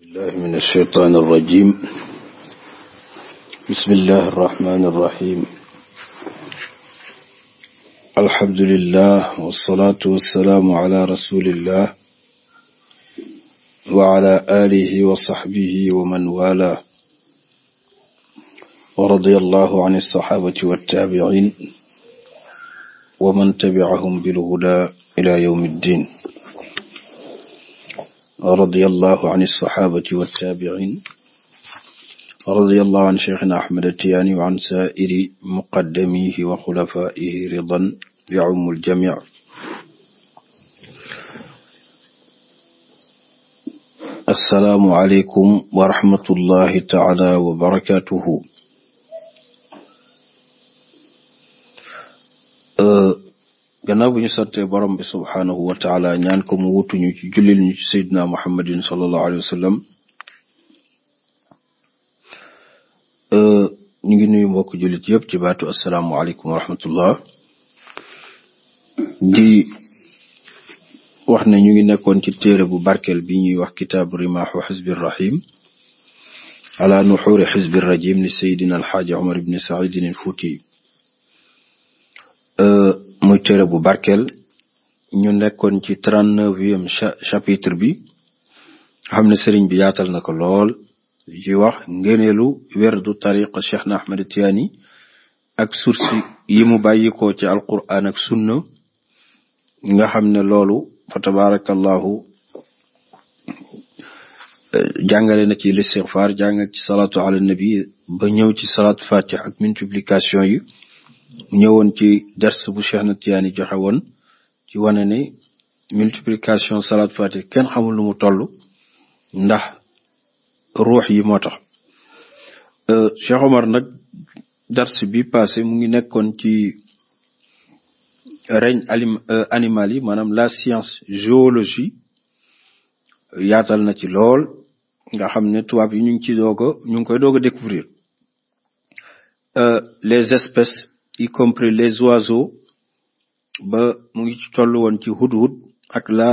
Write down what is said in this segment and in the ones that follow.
بالله من الشيطان الرجيم بسم الله الرحمن الرحيم الحمد لله والصلاة والسلام على رسول الله وعلى آله وصحبه ومن والاه ورضي الله عن الصحابة والتابعين ومن تبعهم بالهدى إلى يوم الدين رضي الله عن الصحابة والتابعين رضي الله عن شيخنا أحمد التياني وعن سائر مقدميه وخلفائه رضا يعم الجميع السلام عليكم ورحمة الله تعالى وبركاته gannaaw bu ñu santee borom bi subhaanahu wa taala ñaan ko mu wutuñu ci jullil ñu ci seydina muhammadin sallallahu alayhi wa sallam euh, ñu ngi nuyu mbokk jullit yëpp ci baatu asalaamualeykum wa rahmatullah di wax ne ñu ngi nekkoon ci téere bu barkeel bi ñuy wax kitaabu rimaaxu xisbi rahim ala nuxuuri xisbi rajim li sayidina alxaaji omar ibni saidin téere bu barkeel ñu nekkoon ci trente-neuvième chapitre bi xam ne sëriñ bi yaatal na ko lool ci wax ngëneelu werdu tariqa Cheikh na Ahmed Tidiane ak source yi mu bàyyikoo ci alquran ak sunna nga xam ne loolu fa tabarakallahu eh, jàngale na ci listixfaar jàngal ci salaatu ala nabi ba ñëw ci salaatu fatiha ak multiplication yi ñëwoon ci ders bu Cheikh na Tijaani joxe woon ci wane ni multiplication salaat fatih kenn xamul lu mu toll ndax ruux yi moo tax euh, Cheikh Omar nag dars bi passé mu ngi nekkoon ci règne euh, animal yi maanaam la science géologie yaatal na ci lool nga xam ne tubaab yi ñu ngi ci doog a ñu ngi koy doog a découvrir euh, les espèces y compris les oiseaux ba mu ngi tollu toll woon ci hudhud ak la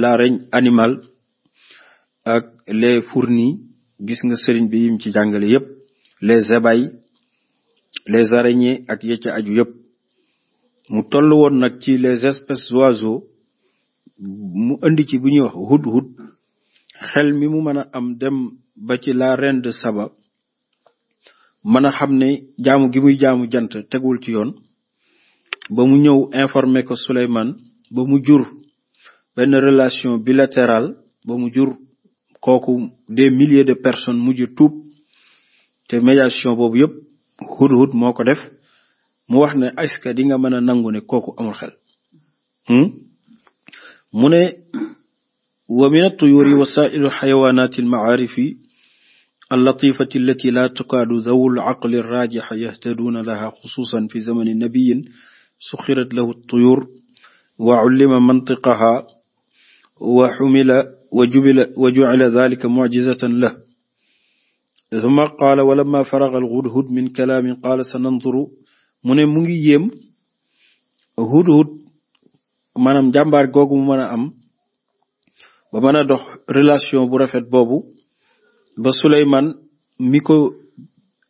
l'araignée animale ak les fourni gis nga sëriñ bi yim ci jàngale yépp les ébailles les araignées ak ya ca aju yépp mu toll woon nag ci les espèces d'oiseaux mu indi ci bu ñuy wax hudhud xel mi mu mën a am dem ba ci la reine de Saba mën a xam ne jaamu gi muy jaamu jant tegul ci yoon ba mu ñëw informé ko Suleymaan ba mu jur benn relation bilatérale ba mu jur kooku des milliers de personnes mujj tuub te médiation boobu yëpp hudhud moo ko def mu wax ne est-ce que di nga mën a nangu ne kooku amul xel hmm? mu ne wa min at-tuyuri wasailu xayawanati al maarifi allatifati allati la tukaadu dhawul aqli rajixa yahtaduuna laha xususan fi zamani nabiyin suxirat lahu tuyur wa ullima mantiqaha wa xumila wa jubila wa jucila dalika mucjizatan lah summa qaala wa lamma faraga alhudhud min kalaamin qaala sa nanduru mu ne mu ngi yéem hudhud maanaam jàmbaar googu mu mën a am ba mën a dox relation bu rafet boobu ba Suleymaan mi ko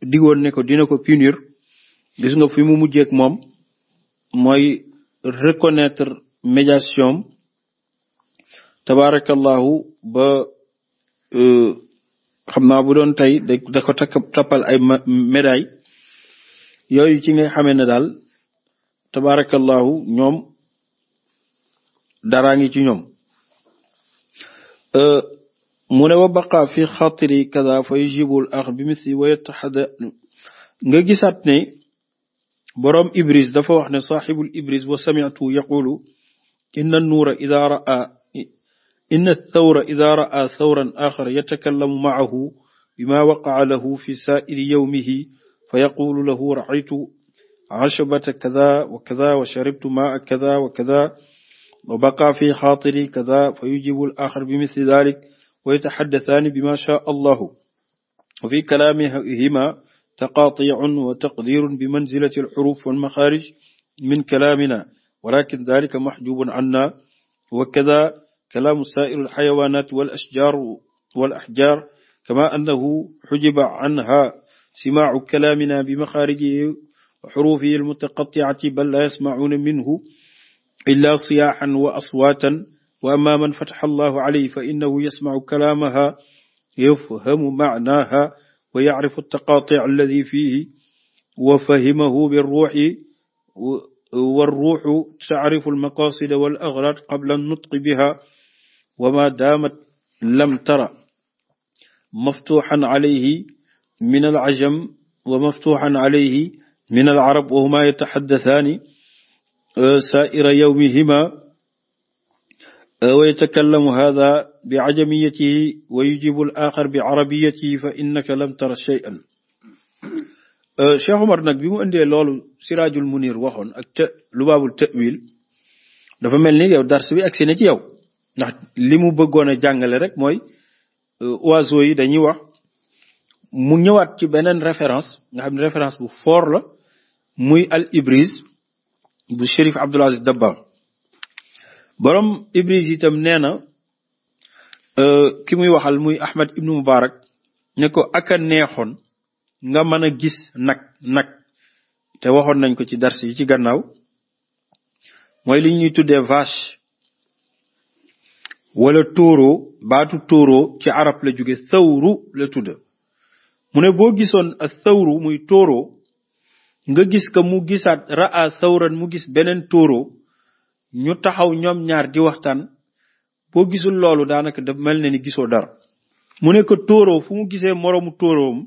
digwoon ne ko dina ko punir gis nga fi mu mujjeek moom mooy reconnaître médiation tabaarakallahu ba euh, xam naa bu doon tey da ko takk tappal ay médaille yooyu ci nga xamee ne daal tabaarakallahu ñoom daraa ngi ci ñoom euh, mu ne wa baqa fi xatiri kaza fa yujibul ax bi misli wa yataxada nga gisaat ne boroom ibris dafa wax ne saaxibul ibris wa samitu yaqulu inna nuura ida raa inna thawra ida raa thawran axara yatakallamu maahu bima waqaa lahu fi saairi yowmihi fa yaqulu lahu raaytu ashabata kaza wa kaza wa sharibtu maa kaza wa kaza wa baqa fi xaatiri kaza fa yujibu al axar bi misli dalik wa yataxaddasaani bima shaa allahu wa fi kalaamihima taqaatiicun wa taqdirun bi manzilati alxuruf walmaxaarij min kalaamina walakin dalika maxjubun canna wa kada kalaamu saa'iri alxayawaanaat walashjaar walaxjaar kama annahu xujiba canha simaacu kalaamina bimaxaarijihi wa xurufihi almutaqaticati bal laa yasmacuuna minhu illa siyaaxan wa aswaatan wa amma man fataxa allahu alayhi fa innahu yasmacu kalaamaha yafhamu macnaaha wa yacrifu altaqaatic alladi fiihi wa fahimahu birruuxi warruuxu tacrifu almaqaasida wal agraad qabla annutqi biha wa ma daamat lam tara maftuuxan alayhi min alajam wa maftuuxan alayhi min alcarab wa huma yataxaddathaani saa'ira yawmihima wa yatakallamu hada bi ajamiyatihi wa yujibu al axar bi arabiyatihi fa innaka lam tara shay'an Cheikh Omar nag bi mu indee loolu Siraajul Munir waxoon ak të lubaabul tawil dafa mel ni yow dars bi agsi na ci yow ndax li mu bëggoon a jàngale rek mooy oiseaux yi dañuy wax mu ñëwaat ci beneen référence nga xam ne bu foor la muy al ibris bu Chérif Abdoul Aziz borom ibris itam nee na euh, ki muy waxal muy ahmad ibnu mubarak ne ko aka neexoon nga mën a gis nag nag te waxoon nañ ko ci dars yi ci gannaaw mooy li ñuy tuddee vache wala tóoroo baatu tóoroo ci arab la jóge thawru la tudd mu ne boo gisoon a thawru muy tóoroo nga gis ka mu gisaat ra'a thawran mu gis beneen tóoroo ñu taxaw ñoom ñaar di waxtaan boo gisul loolu daanaka da mel na ni gisoo dara mu ne ko tóoroo fu mu gisee moroomu tóoroom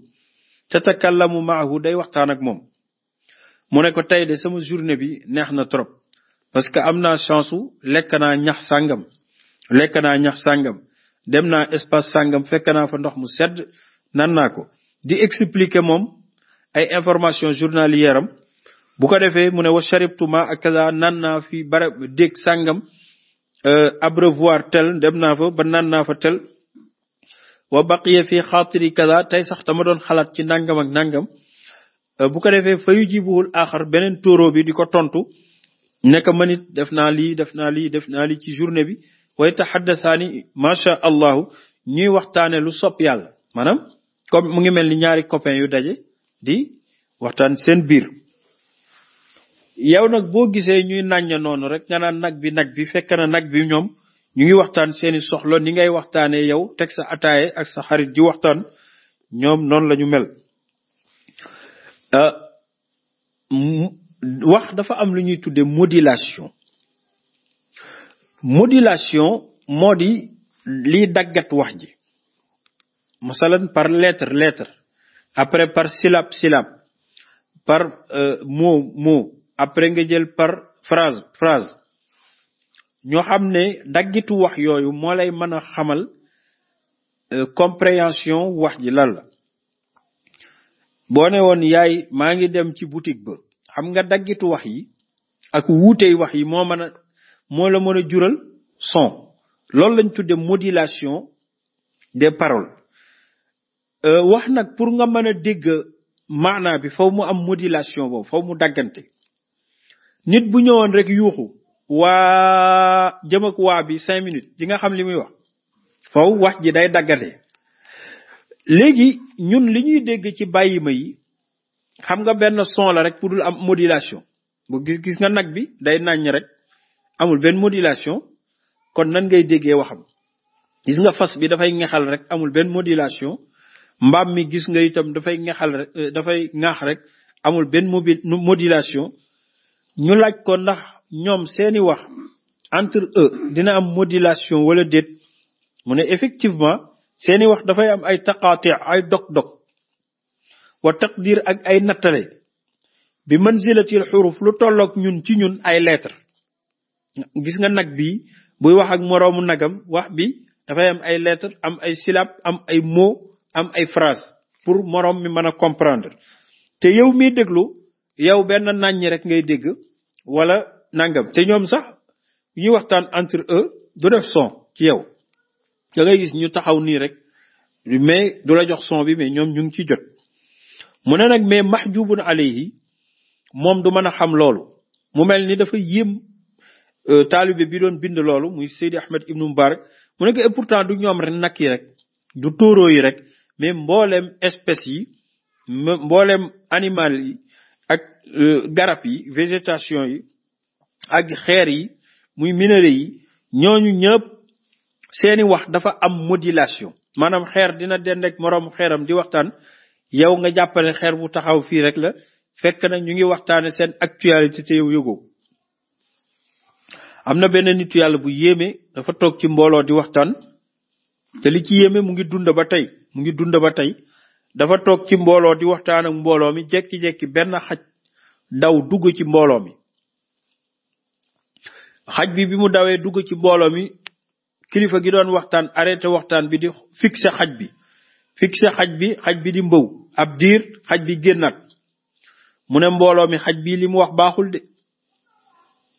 tatakallamu maahu day waxtaan ak moom mu ne ko tey de sama journée bi neex na trop parce que am naa chance u lekk naa ñax sàngam lekk naa ñax sàngam dem naa espace sàngam fekk naa fa ndox mu sedd nan naa ko di expliquer moom ay information journalière am bu ko defee mu ne wa sharibtu ma ak kaza naan naa fi barab dég sàngam euh, abreuvoir tel dem naa fa ba naan naa fa tel wa baqiya fi xaatiri kaza tey sax dama doon xalaat ci nangam ak nangam euh, bu ko defee fa yu jibuwul aaxar beneen tóoroo bi di ko tontu nekk man it def naa lii def naa lii def naa lii ci journée bi way taxaddasaani macha allahu ñuy waxtaane lu sopp yàlla maanaam comme mu ngi mel ni ñaari copain yu daje di waxtaan seen biir yow nag boo gisee ñuy nàñña noonu rek nga naan nag bi nag bi fekk na nag bi ñoom ñu ngi waxtaan seeni soxla ni ngay waxtaanee yow teg sa ataaye ak sa xarit di waxtaan ñoom noonu la ñu mel euh, wax dafa am lu ñuy tuddee modulation modulation moo di liy daggat wax ji masalan par lettre lettre après par syllabe syllabe par euh, mot mot après nga jël par phrase phrase ñoo xam ne daggitu wax yooyu moo lay mën a xamal euh, compréhension wax ji lan la boo ne woon yaay maa ngi dem ci boutique ba xam nga daggitu wax yi ak wuutey wax yi moo mën a moo la mën a jural son loolu lañ tudde modulation des paroles euh, wax nag pour nga mën a dégg maanaa bi faw mu am modilation boobu faw mu daggante nit bu ñëwoon rek yuuxu waa jëm ak waa bi cinq minutes di nga xam li muy wax faw wax ji day daggate léegi ñun li ñuy dégg ci bàyyima yi xam nga benn son la rek pudul am modulation bu gis gis nga nag bi day nàññ rek amul benn modulation kon nan ngay déggee waxam gis nga fas bi dafay ngexal rek amul benn modulation mbaam mi gis nga itam dafay ngexal rek euh, dafay naax rek amul benn modulation ñu laaj ko ndax ñoom seeni wax entre eux dina am modulation wala déet mu ne effectivement seeni wax dafay am ay taqaati ay dog-dog wa taqdir ak ay nattale bi manzilatil xuruf lu tolloog ñun ci ñun ay lettre gis nga nag bi buy wax ak moroomu nagam wax bi dafay am ay lettre am ay syllabe am ay mot am ay phrase pour moroom mi mën a comprendre te yow miy déglu yow benn nàññi rek ngay dégg wala nangam te ñoom sax ñuy waxtaan entre eux du def son ci yow da ngay gis ñu taxaw nii rek mais du la jox son bi mais ñoom ñu ngi ci jot mu ne nag mais mahjubun yi moom du mën a xam loolu mu mel ni dafa yéem euh, taalibe bi doon bind loolu muy Seydi Ahmed Ibn Mubarak mu ne et du ñoom rek nag yi rek du tóoroo yi rek mais mbooleem espèce yi mbooleem animal yi ak euh, garab yi végétation yi ak xeer yi muy minerai yi ñooñu ñëpp seeni wax dafa am modilation maanaam xeer dina dend ak moroom xeeram di waxtaan yow nga jàppale xeer bu taxaw fii rek la fekk na ñu ngi waxtaane seen actualité te yow yëgoo am na benn nitu yàlla bu yéeme dafa toog ci mbooloo di waxtaan te li ci yéeme mu ngi dund ba tey mu ngi dund ba tey dafa toog ci mbooloo di waxtaan ak mbooloo mi jekki-jekki benn xaj daw dugg ci mbooloo mi xaj bi bi mu dawee dugg ci mbooloo mi kilifa gi doon waxtaan arrêté waxtaan bi di fixé xaj bi fixé xaj bi xaj bi di mbëw ab diir xaj bi génnaat mu ne mbooloo mi xaj bi li mu wax baaxul de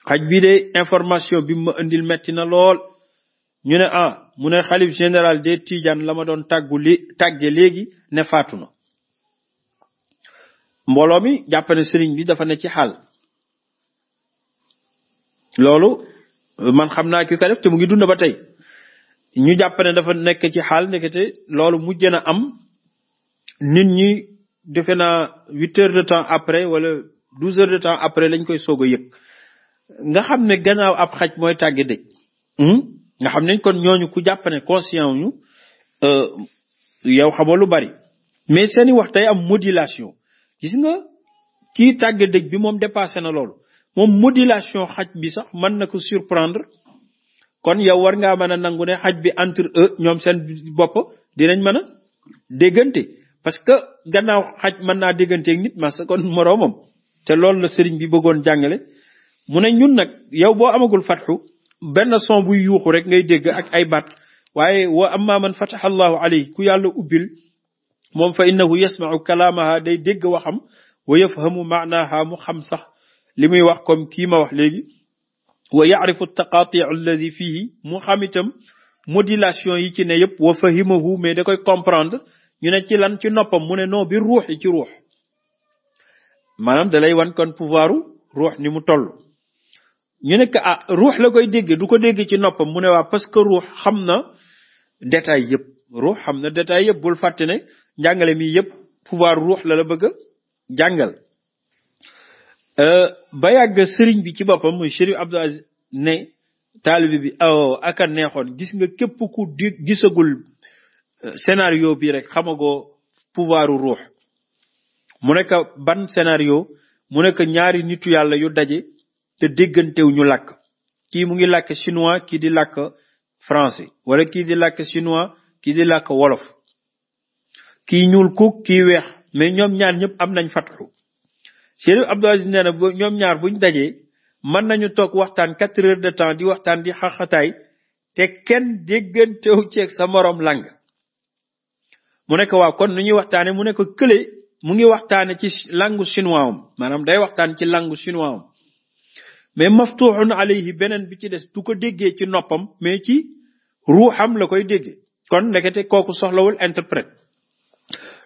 xaj bi de information bi mu ma indil metti na lool ñu ne ah mu ne xalif général des Tidiane la ma doon tàggu li tàgge léegi ne faatu mbooloo mi jàpp ne sëriñ dafa ne ci xaal loolu man xam naa ki ko def te mu ngi dunda ba tey ñu jàpp dafa nekk ci xaal nekkete loolu mujj na am nit ñi defe naa huit heures de temps après wala douze heures de temps après lañ koy soog a yëg nga xam ne gannaaw ab xaj mooy tàgge dëj hmm? nga xam nañ kon ñooñu ku jàpp ne conscient ñu euh, yow xamoo lu bari mais seeni wax tey am modulation gis nga kii tàgg dëj bi moom dépassé na loolu moom modulation xaj bi sax mën na ko surprendre kon yow war ngaa mën a nangu ne xaj bi entre eux ñoom seen bopp dinañ mën a déggante parce que gannaaw xaj mën naa dégganteeg nit mas kon moroom moroomam te loolu la sëriñ bi bëggoon jàngale mu ne ñun nag yow boo amagul fatxu benn son buy yuuxu rek ngay dégg ak ay baat waaye wa amma man fataha allahu alayhi ku yàlla ubbil moom fa innahu yasmau kalama day dégg waxam wa yafhamu maanaha mu xam sax li muy wax comme kii ma wax léegi wa yaarifu taqaati alladi fihi mu xam itam modulation yi ci ne yëpp wa fahimahu mais da koy comprendre ñu ne ci lan ci noppam mu ne non bi ruux yi ci ruux maanaam da lay wan kon pouvoiru ruux ni mu toll ñu nekk ah ruux la koy dégg du ko dégg ci noppam mu ne waa parce que ruux xam na détail yëpp ruux xam na détail yëpp bul fàtte ne njàngale mi yëpp pouvoir ruux la la bëgg a jàngal euh, ba yàgg sëriñ bi ci boppam muy Chérif Abdou ne taalibe bi aw oh, aka neexoon gis nga képp ku di gisagul euh, scénario bi rek xamagoo pouvoiru ruux mu nekk ban scénario mu nekk ñaari nittu yàlla yu daje te déggantewuñu làkk kii mu ngi làkk chinois kii di làkk français wala kii di làkk chinois kii di làkk wolof kii ñuul kuuk kii weex mais ñoom ñaar ñëpp am nañ fatxu Chérif Abdou Aziz nee ñoom ñaar buñ dajee mën nañu toog waxtaan quatre heures de temps di waxtaan di xaxataay te kenn déggantew ceeg sa moroom lang mu nekk waaw kon nu ñuy waxtaane mu nekk kële mu ngi waxtaane ci langu chinois maanaam day waxtaan ci langu chinois mais maftuxun alayhi beneen bi ci des du ko déggee ci noppam mais ci ruuxam la koy déggee kon ndekete kooku soxla interprète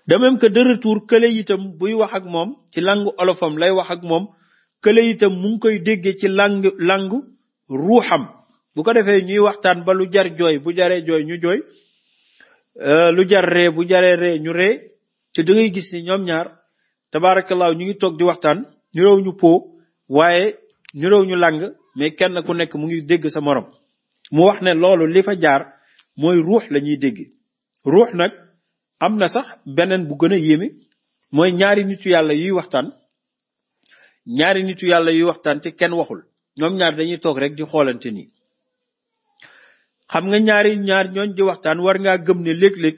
de même que de retour kële itam buy wax ak moom ci langue olofam lay wax ak moom kële itam mu koy déggee ci langue langue ruuxam bu ko defee ñuy waxtaan ba lu jar jooy bu jaree jooy ñu jooy euh, lu jar ree bu jaree ree ñu ree te dangay gis ni ñoom ñaar tabaarakallaahu ñu ngi toog di waxtaan ñu rew ñu po waaye ñu ñu làng mais kenn ku nekk mu ngi dégg sa morom mu wax ne loolu li fa jaar mooy ruux la ñuy dégg ruux nag am na sax beneen bu gën a yéeme mooy ñaari nitu yàlla yuy waxtaan ñaari nitu yàlla yuy waxtaan ci kenn waxul ñoom ñaar dañuy toog rek di xoolante nii xam nga ñaari ñaar ñooñ di waxtaan war ngaa gëm ne léeg-léeg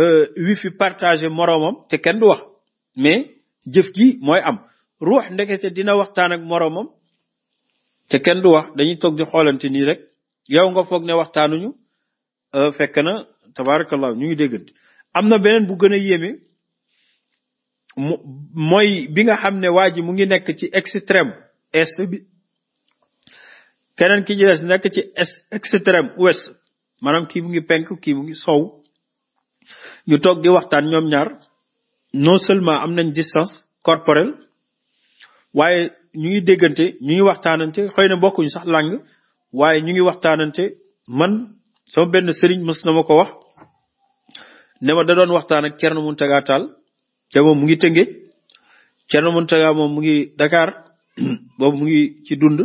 euh, wi fi partagé moroomam te kenn du wax mais jëf ji mooy am ruux ndekete dina waxtaan ak moroomam te kenn du wax dañuy toog di xoolante nii rek yow nga foog ne waxtaanuñu euh, fekk na tabaarakallah ñu ngi déggante am na beneen bu gën a yéeme mooy bi nga xam ne waa ji mu ngi nekk ci extrême est bi keneen ki ci nekk ci extrême ouest maanaam kii mu ngi penk kii mu ngi sow ñu toog di waxtaan ñoom ñaar non seulement am nañ distance corporelle waaye ñu ngi déggante ñu ngi waxtaanante xëy na bokkuñu sax làng waaye ñu ngi waxtaanante man sama benn sëriñ mës na ma wax ne da doon waxtaan ak Thierno Mountaga Tall te moom mu ngi tënge Thierno Mountaga moom mu ngi Dakar boobu mu ngi ci dund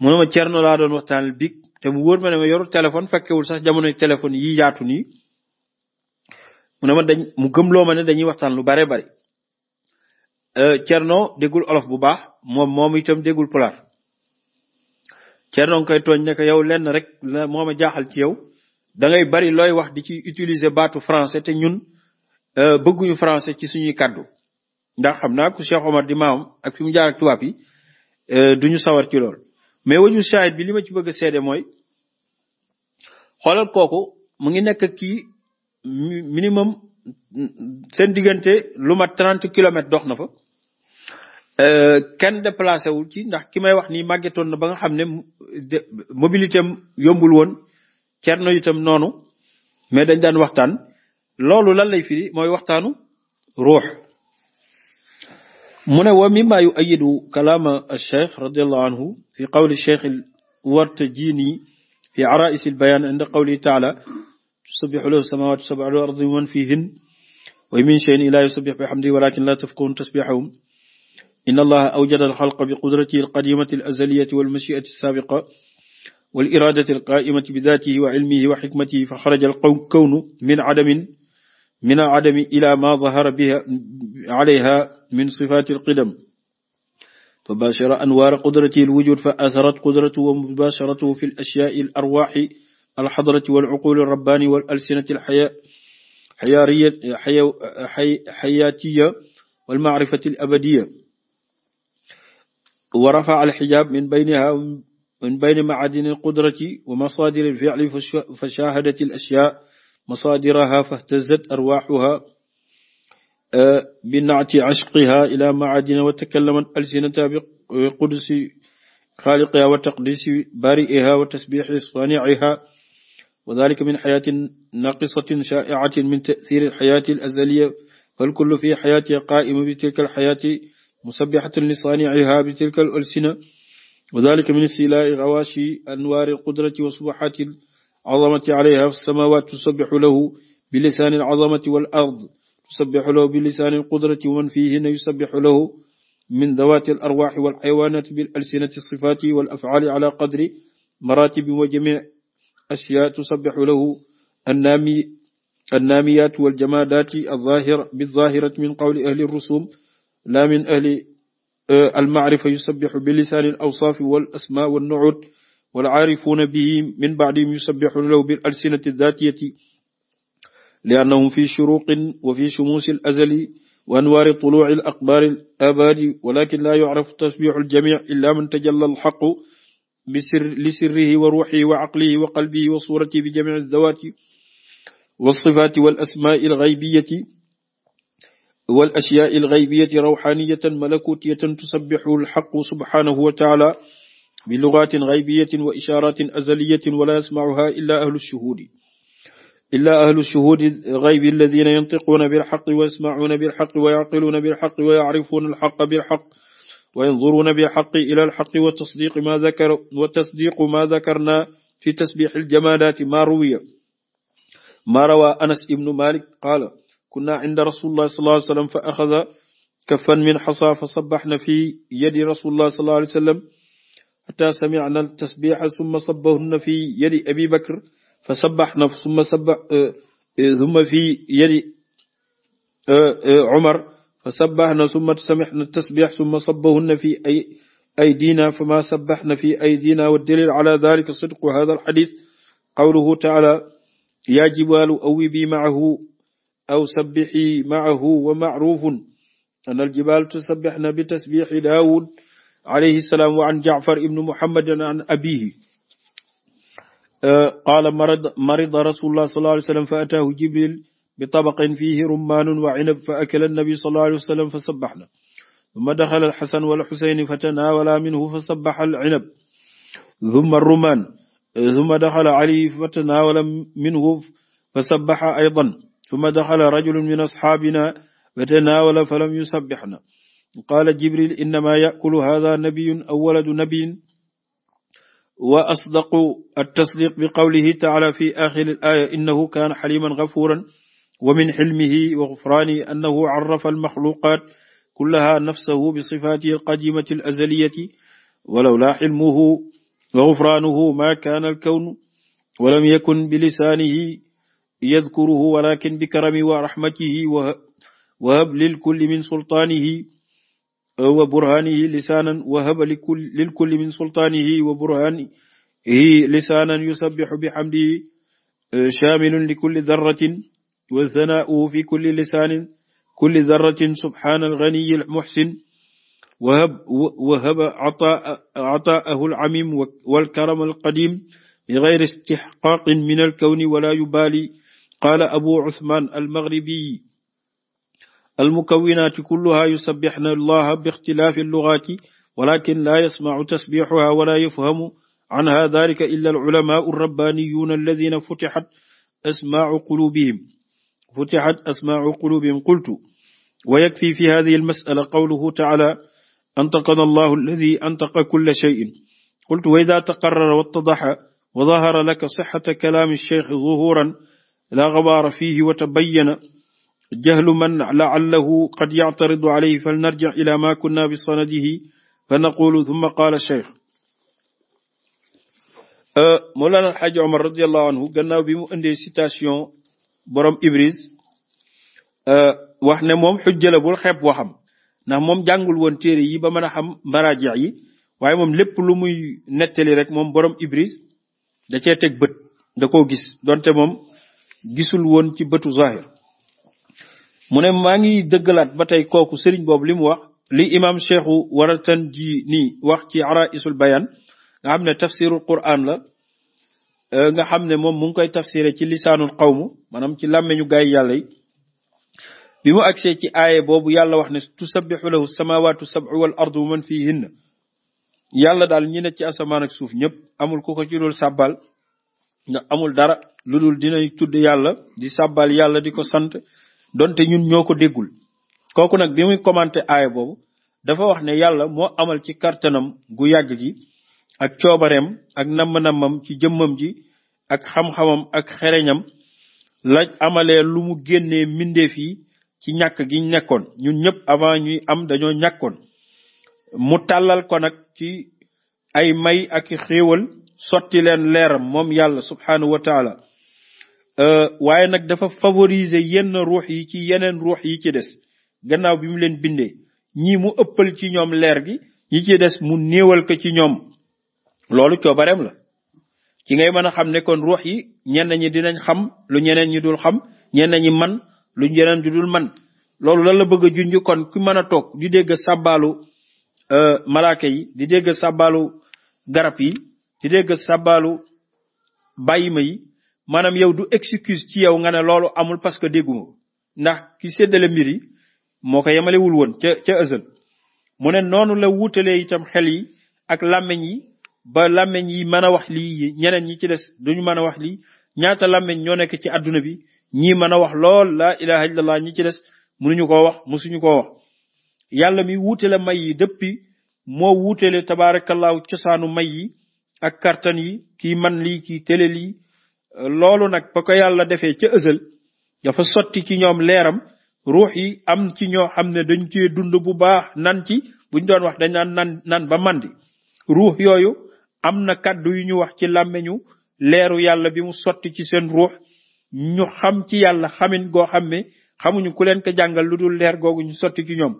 mu ne ma laa doon waxtaanal biig te mu woor ma ne ma yoru téléphone fekkewul sax jamono téléphone yii yaatu nii mu ne dañ mu gëmloo ma ne dañuy waxtaan lu bare bari Cerno euh, déggul olof bu baax moom moom itam déggul pulaar Cerno nga koy tooñ ne ko yow lenn rek moom a jaaxal ci yow da bari looy wax di ci utiliser baatu français te ñun euh, bëgguñu français ci suñuy kàddu ndax xam naa ku Cheikh Omar di maam ak fi mu jaar ak tubaab yi euh, ñu sawar ci lool mais waju saayit bi li ma ci bëgg a seede mooy xoolal kooku mu ngi nekk kii minimum seen diggante lu mat trente kilomètres dox na fa Euh, kenn déplacé wu ci ndax ki may wax nii màggetoon na ba nga xam ne mobilité am yombul woon cerno itam noonu mais dañ daan waxtaan loolu lan lay firi mooy waxtaanu ruux mu ne wa mimma yu ayidu kalaama alcheikh radiallahu anhu fi qawli cheikh wartajini fi araisi albayan inda qawlihi taala tusabbihu lahu samawatu sab'u wal ardi man fihin wa min shay'in illa yusabbih bihamdihi walakin la tafqahun tasbihahum inna allaha awjada alxalqa bi qudratihi alqadimati alazaliyati walmashiati alsaabiqa waliradati alqaimati bidaatihi wa ilmihi wa xikmatihi fa xaraja alkawnu min adamin min adami ila ma dahara biha alayha min sifaati alqidam fa baashara anwaara qudratihi alwujud fa atharat qudratuhu wa mubaasharatuhu fi alashyaa'i alarwaaxi alxadrati walcuquli alrabbaani walalsinati alxayaariya xayaatiya walmacrifati alabadiya wa rafa alxijaab min bayniha min bayni maadini alqudrati wa masadir alficli fa shahadat alasya masadiraha fahtazat arwaxuha eh, binaati ashqiha ila maadina wa takallamat alsinata biqudusi xaaliqiha wa taqdisi bari'iha wa tasbixi saniciha وذلك من حياة ناقصة شائعة من تأثير الحياة الأزلية فالكل في حياته قائم بتلك الحياة musabbihatu lisaani iha bi tilka al alsina wa dalika min silai gawashi anwaari alqudrati wa subahati alazamati alayha fi samawat tusabbihu lahu bi lisaani alazamati wal ard tusabbihu lahu bi lisaani alqudrati wa man fihina yusabbihu lahu min dawati al arwaxi wal xayawanati bil alsinati sifaati wal afaali ala qadri maratibi wa jami asya tusabbihu lahu annaami annaamiyaat wal jamaadaati alzahira bilzahirati min qawli ahli rusum laa min ahli euh, almaarifa yusabbixu bi lisaani al awsaafi wal asmaa wal nuud wal aarifuuna bihi min baadihim yusabbixuuna lahu bil alsinati daatiyati li annahum fi shuruqin wa fi shumuusi al azali wa anwaari tuluuci al aqbaari al abaadi walakin laa yucrafu tasbiixu al jamiic illaa man tajalla al xaqu bi sir li sirrihi wa ruuxihi wa caqlihi wa qalbihi wa suuratihi bi jamiici dawaati wa sifaati wal asmaai al gaybiyati والأشياء الغيبية روحانية ملكوتية تسبح الحق سبحانه وتعالى بلغات غيبية وإشارات أزلية ولا يسمعها إلا أهل الشهود إلا أهل الشهود الغيب الذين ينطقون بالحق ويسمعون بالحق ويعقلون بالحق ويعرفون الحق بالحق وينظرون بالحق إلى الحق وتصديق ما ذكر وتصديق ما ذكرنا في تسبيح الجمادات ما روي ما روى أنس بن مالك قال kunna inda rasulillah sallallahu alayhi wa sallam fa axada kafan min xasa fa sabaxna fi yadi rasulillah sallallahu alayhi wa sallam xata samicna altasbixa summa sabahunna fi yadi abi bakr fa sabaxna summa saba summa fi yadi umar fa sabaxna summa samicna tasbix summa sabahunna fi ay aydina fama sabaxna fi aydina waddalil ala dalika sidqu hada alxadis qawluhu taala yaa jibaalu awibi maahu aw sabbixi maahu wa macrufun an aljibaal tusabbixna bi tasbixi daawud alayhi salaam wa an jaafar ibnu muhammadin an abihi qaala marida rasulullah sallallahu alayhi wa sallam fa ataahu jibril bi tabaqin fiihi rummaanun wa cinab fa akala annabi sallallahu alayhi wa sallam fa sabbaxna summa daxala alxasan walxusayni fa tanaawala minhu fa sabbaxa alcinab summa rummaan summa daxala cali fa tanaawala minhu fa sabbaxa aydan ثم دخل رجل من أصحابنا فتناول فلم يسبحنا قال جبريل إنما يأكل هذا نبي أو ولد نبي وأصدق التصديق بقوله تعالى في آخر الآية إنه كان حليما غفورا ومن حلمه وغفرانه أنه عرف المخلوقات كلها نفسه بصفاته القديمة الأزلية ولولا حلمه وغفرانه ما كان الكون ولم يكن بلسانه yadkuruhu walakin bi karami wa rahmatihi wa wahab lil kulli min sultaanihi wa burhaanihi lisaanan wahab lil kulli min sultaanihi wa burhaanihi lisaanan yusabbihu bihamdihi e, shaamilun li kulli darratin wa thanaa'uhu fi kulli lisaanin kulli darratin subhaana al-ghaniy al-muhsin wahab wahaba ataa'ahu al-'amiim wal karam al-qadiim bi ghayri istihqaaqin min al-kawni wa laa yubaali قال أبو عثمان المغربي المكونات كلها يسبحن الله باختلاف اللغات ولكن لا يسمع تسبيحها ولا يفهم عنها ذلك إلا العلماء الربانيون الذين فتحت أسماع قلوبهم فتحت أسماع قلوبهم قلت ويكفي في هذه المسألة قوله تعالى أنتقنا الله الذي أنتق كل شيء قلت وإذا تقرر واتضح وظهر لك صحة كلام الشيخ ظهورا laa xabaara fiihi wa tabayyana jahlu man la'allahu qad yactaridu alayhi fal narji ila ma kunna bi sanadihi fa naqulu thumma qaala cheikh euh, Mawlana Alxaaji Omar radiallahu anhu gannaaw bi mu indee citation borom Ibris euh, wax ne moom xujja la bul xeeb waxam ndax moom jàngul woon téere yi ba mën a xam maraajic yi waaye moom lépp lu muy nettali rek moom borom Ibris da cee teg bët da koo gis donte moom gisul woon ci bëtu zahir mu ne maa ngi dëggalaat ba tey kooku sëriñ boobu li mu wax li imam cheikhu waratan ji ni wax ci araisul bayan nga xam ne tafsirul quran la e, nga xam ne moom mu ngi koy tafsiré ci lisaanul qawmu maanaam ci làmmeñu gaay yàlla yi bi mu agsee ci aaye boobu yàlla wax ne tusabbihu lahu samawatu sab'u wal ardu man fihinna yàlla daal ñi ne ci asamaan ak suuf ñëpp amul ku ko ci dul sàbbal ndax amul dara lu dul dinañ tudd yàlla di sàbbal yàlla di ko sant donte ñun ñoo ko déggul kooku nag bi muy commenté aaya boobu dafa wax ne yàlla moo amal ci kartanam gu yàgg gi ak coobareem ak namm-nammam ci jëmmam ji ak xam-xamam ak xereñam la amalee lu mu génnee mbindeef yi ci ñàkk gi nekkoon ñun ñëpp avant ñuy am dañoo ñàkkoon mu tàllal ko nag ci ay may ak xéewal sotti leen leeram moom yàlla subhanahu wa taala euh, waaye nag dafa favoriser yenn ruux yi ci yeneen ruux yi ci des gannaaw bi mu leen bindee ñii mu ëppal ci ñoom leer gi ñi ci des mu néewal ko ci ñoom loolu coobareem la ki ngay mën a xam ne kon ruux yi ñenn ñi dinañ xam lu ñeneen ñi dul xam ñenn ñi man lu ñeneen ñi dul man loolu lan la bëgg a kon ku mën a toog di dégg sàbbaalu euh, malaaka yi di dégg sàbbaalu garab yi di dégg sabalu bàyyi ma yi maanaam yow du excuse ci yow nga ne loolu amul parce que déggu ndax ki séddale mbir yi moo ko yemalewul woon ca ca ësël mu ne noonu la wuutalee itam xel yi ak làmmiñ yi ba làmmeñ yi mën a wax lii ñeneen ñi ci des duñu mën a wax lii ñaata làmmeñ ñoo nekk ci àdduna bi ñii mën a wax lool la laa ilaha illallah ñi ci des mënuñu koo wax mësuñu ko wax yàlla mi wuutale may yi dëppi moo wuutale tabaarakallaahu cosaanu may yi a kartan yi kii man lii kii télé lii euh, loolu nag ba ko yàlla defee ca ësal dafa sotti ci ñoom leeram ruux yi am ci ñoo xam ne dañ ci dund bu baax nan ci buñ doon wax dañ naan nan nan ba mandi ruux yooyu am na kàddu yu ñu wax ci làmmiñu leeru yàlla bi mu sotti ci seen ruux ñu xam ci yàlla xamin goo xam ne xamuñu ku leen ko jàngal lu dul leer googu ñu sotti ci ñoom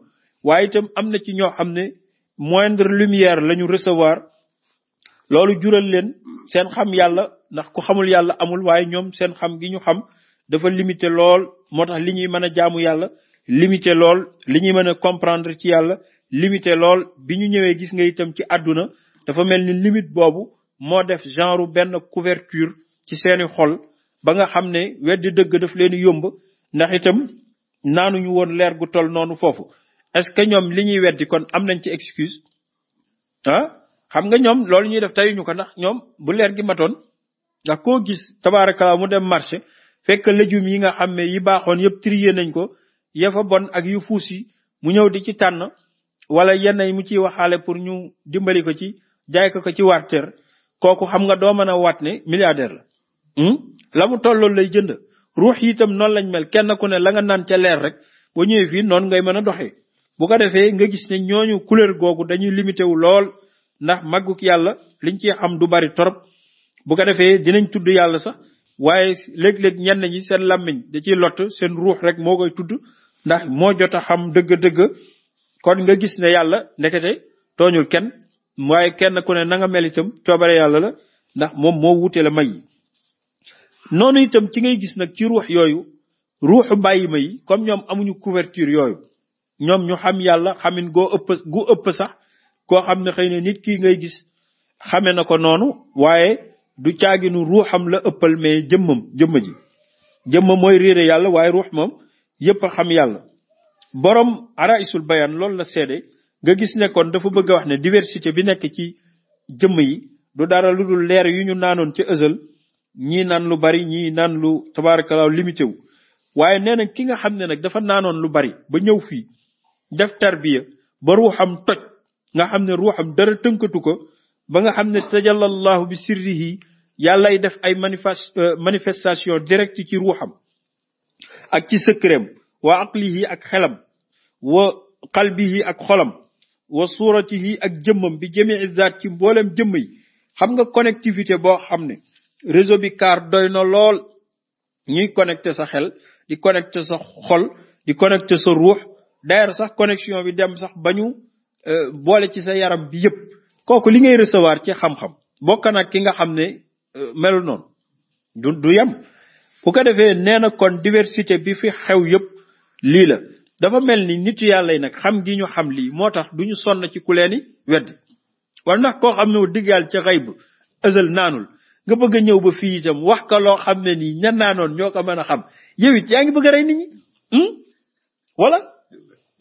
waaye itam am na ci ñoo xam ne moindre lumière lañu recevoir loolu jural leen seen xam yàlla ndax ku xamul yàlla amul waaye ñoom seen xam gi ñu xam dafa limité lool moo tax li ñuy mën a jaamu yàlla limité lool li ñuy mën a comprendre ci yàlla limité lool bi ñu ñëwee gis nga itam ci àdduna dafa mel ni limite boobu moo def genre benn couverture ci seeni xol ba nga xam ne weddi dëgg daf leen yomb ndax itam naanuñu woon leer gu toll noonu foofu est que ñoom li ñuy weddi kon am nañ ci excuse xam nga ñoom loolu ñuy def tayuñu ko ndax ñoom bu leer gi matoon ndax koo gis tabaarakala mu dem marché fekk légumes yi nga xam ne yi baaxoon yëpp trie nañ ko ya a bon ak yu fuus yi mu ñëw di ci tànn wala yenn yi mu ciy waxaale pour ñu dimbali ko ci jaay ko ko ci warteer kooku xam nga doo mën a waat ne milliardaire la. Hmm? la mu tolloon lay jënd ruux yitam itam lañ mel kenn ku ne la nga naan ca leer rek boo ñëwee fii noonu ngay mën a doxee bu ko defee nga gis ne ñooñu couleur googu dañuy limité wu lool. ndax màgguk yàlla liñ ci am du bari torop bu ko defee dinañ tudd yàlla sax waaye léeg-léeg ñenn ñi seen làmmiñ da ci lot seen ruux rek moo koy tudd ndax moo jot a xam dëgg-dëgg kon nga gis ne yàlla ndekete tooñul kenn waaye kenn ku ne na mel itam coobare yàlla la ndax moom moo wuute la may yi noonu itam ci ngay gis nag ci ruux yooyu ruuxu bàyyi may comme ñoom amuñu couverture yooyu ñoom ñu xam yàlla xamin gu ëpp sax koo xam ne xëy na nit ki ngay gis xame na ko noonu waaye du caaginu ruuxam la ëppal mais jëmmam jëmm ji jëmmam mooy réere yàlla waaye ruux moom yépp xam yàlla borom araisul bayan loolu la seede nga gis nekkoon dafa bëgg a wax ne diversité bi nekk ci jëmm yi du dara lu dul leer yu ñu naanoon ci ësal ñii naan lu bari ñii naan lu tabaarakalaaw limité wu waaye nee ki nga xam ne nag dafa naanoon lu bari ba ñëw fii def tarbiya ba ruuxam toj nga xam ne ruuxam dara tënkatu ko ba nga xam ne tajallallahu bi sirrihi yàllay def ay euh, manifestation direct ci ruuxam ak ci sëkkëreem wa aqlihi ak xelam wa qalbihi ak xolam wa suratihi ak jëmmam bi jamii zaat ci booleem jëmm xam nga connectivité boo xam ne réseau bi car doy na lool ñuy connecté sa xel di connecté sa xol di connecté sa ruux d'ailleurs sax connexion bi dem sax bañu Euh, boole ci sa yaram bi yépp kooku li ngay recevoir ci xam-xam bokk nag ki nga xam ne euh, melul noonu du du yem bu ko defee nee na kon diversité bi fi xew yëpp lii la dafa mel ni nit yàlla yi nag xam gi ñu xam lii moo tax du ñu sonn ci ku leeni weddi wala ndax koo xam ne wu digg yàlla ca xëy bu ësal naanul nga bëgg ñëw ba fii itam wax ko loo xam ne nii ña naanoon ñoo ko mën a xam yow yaa ngi bëgg rey nit ñi hmm? wala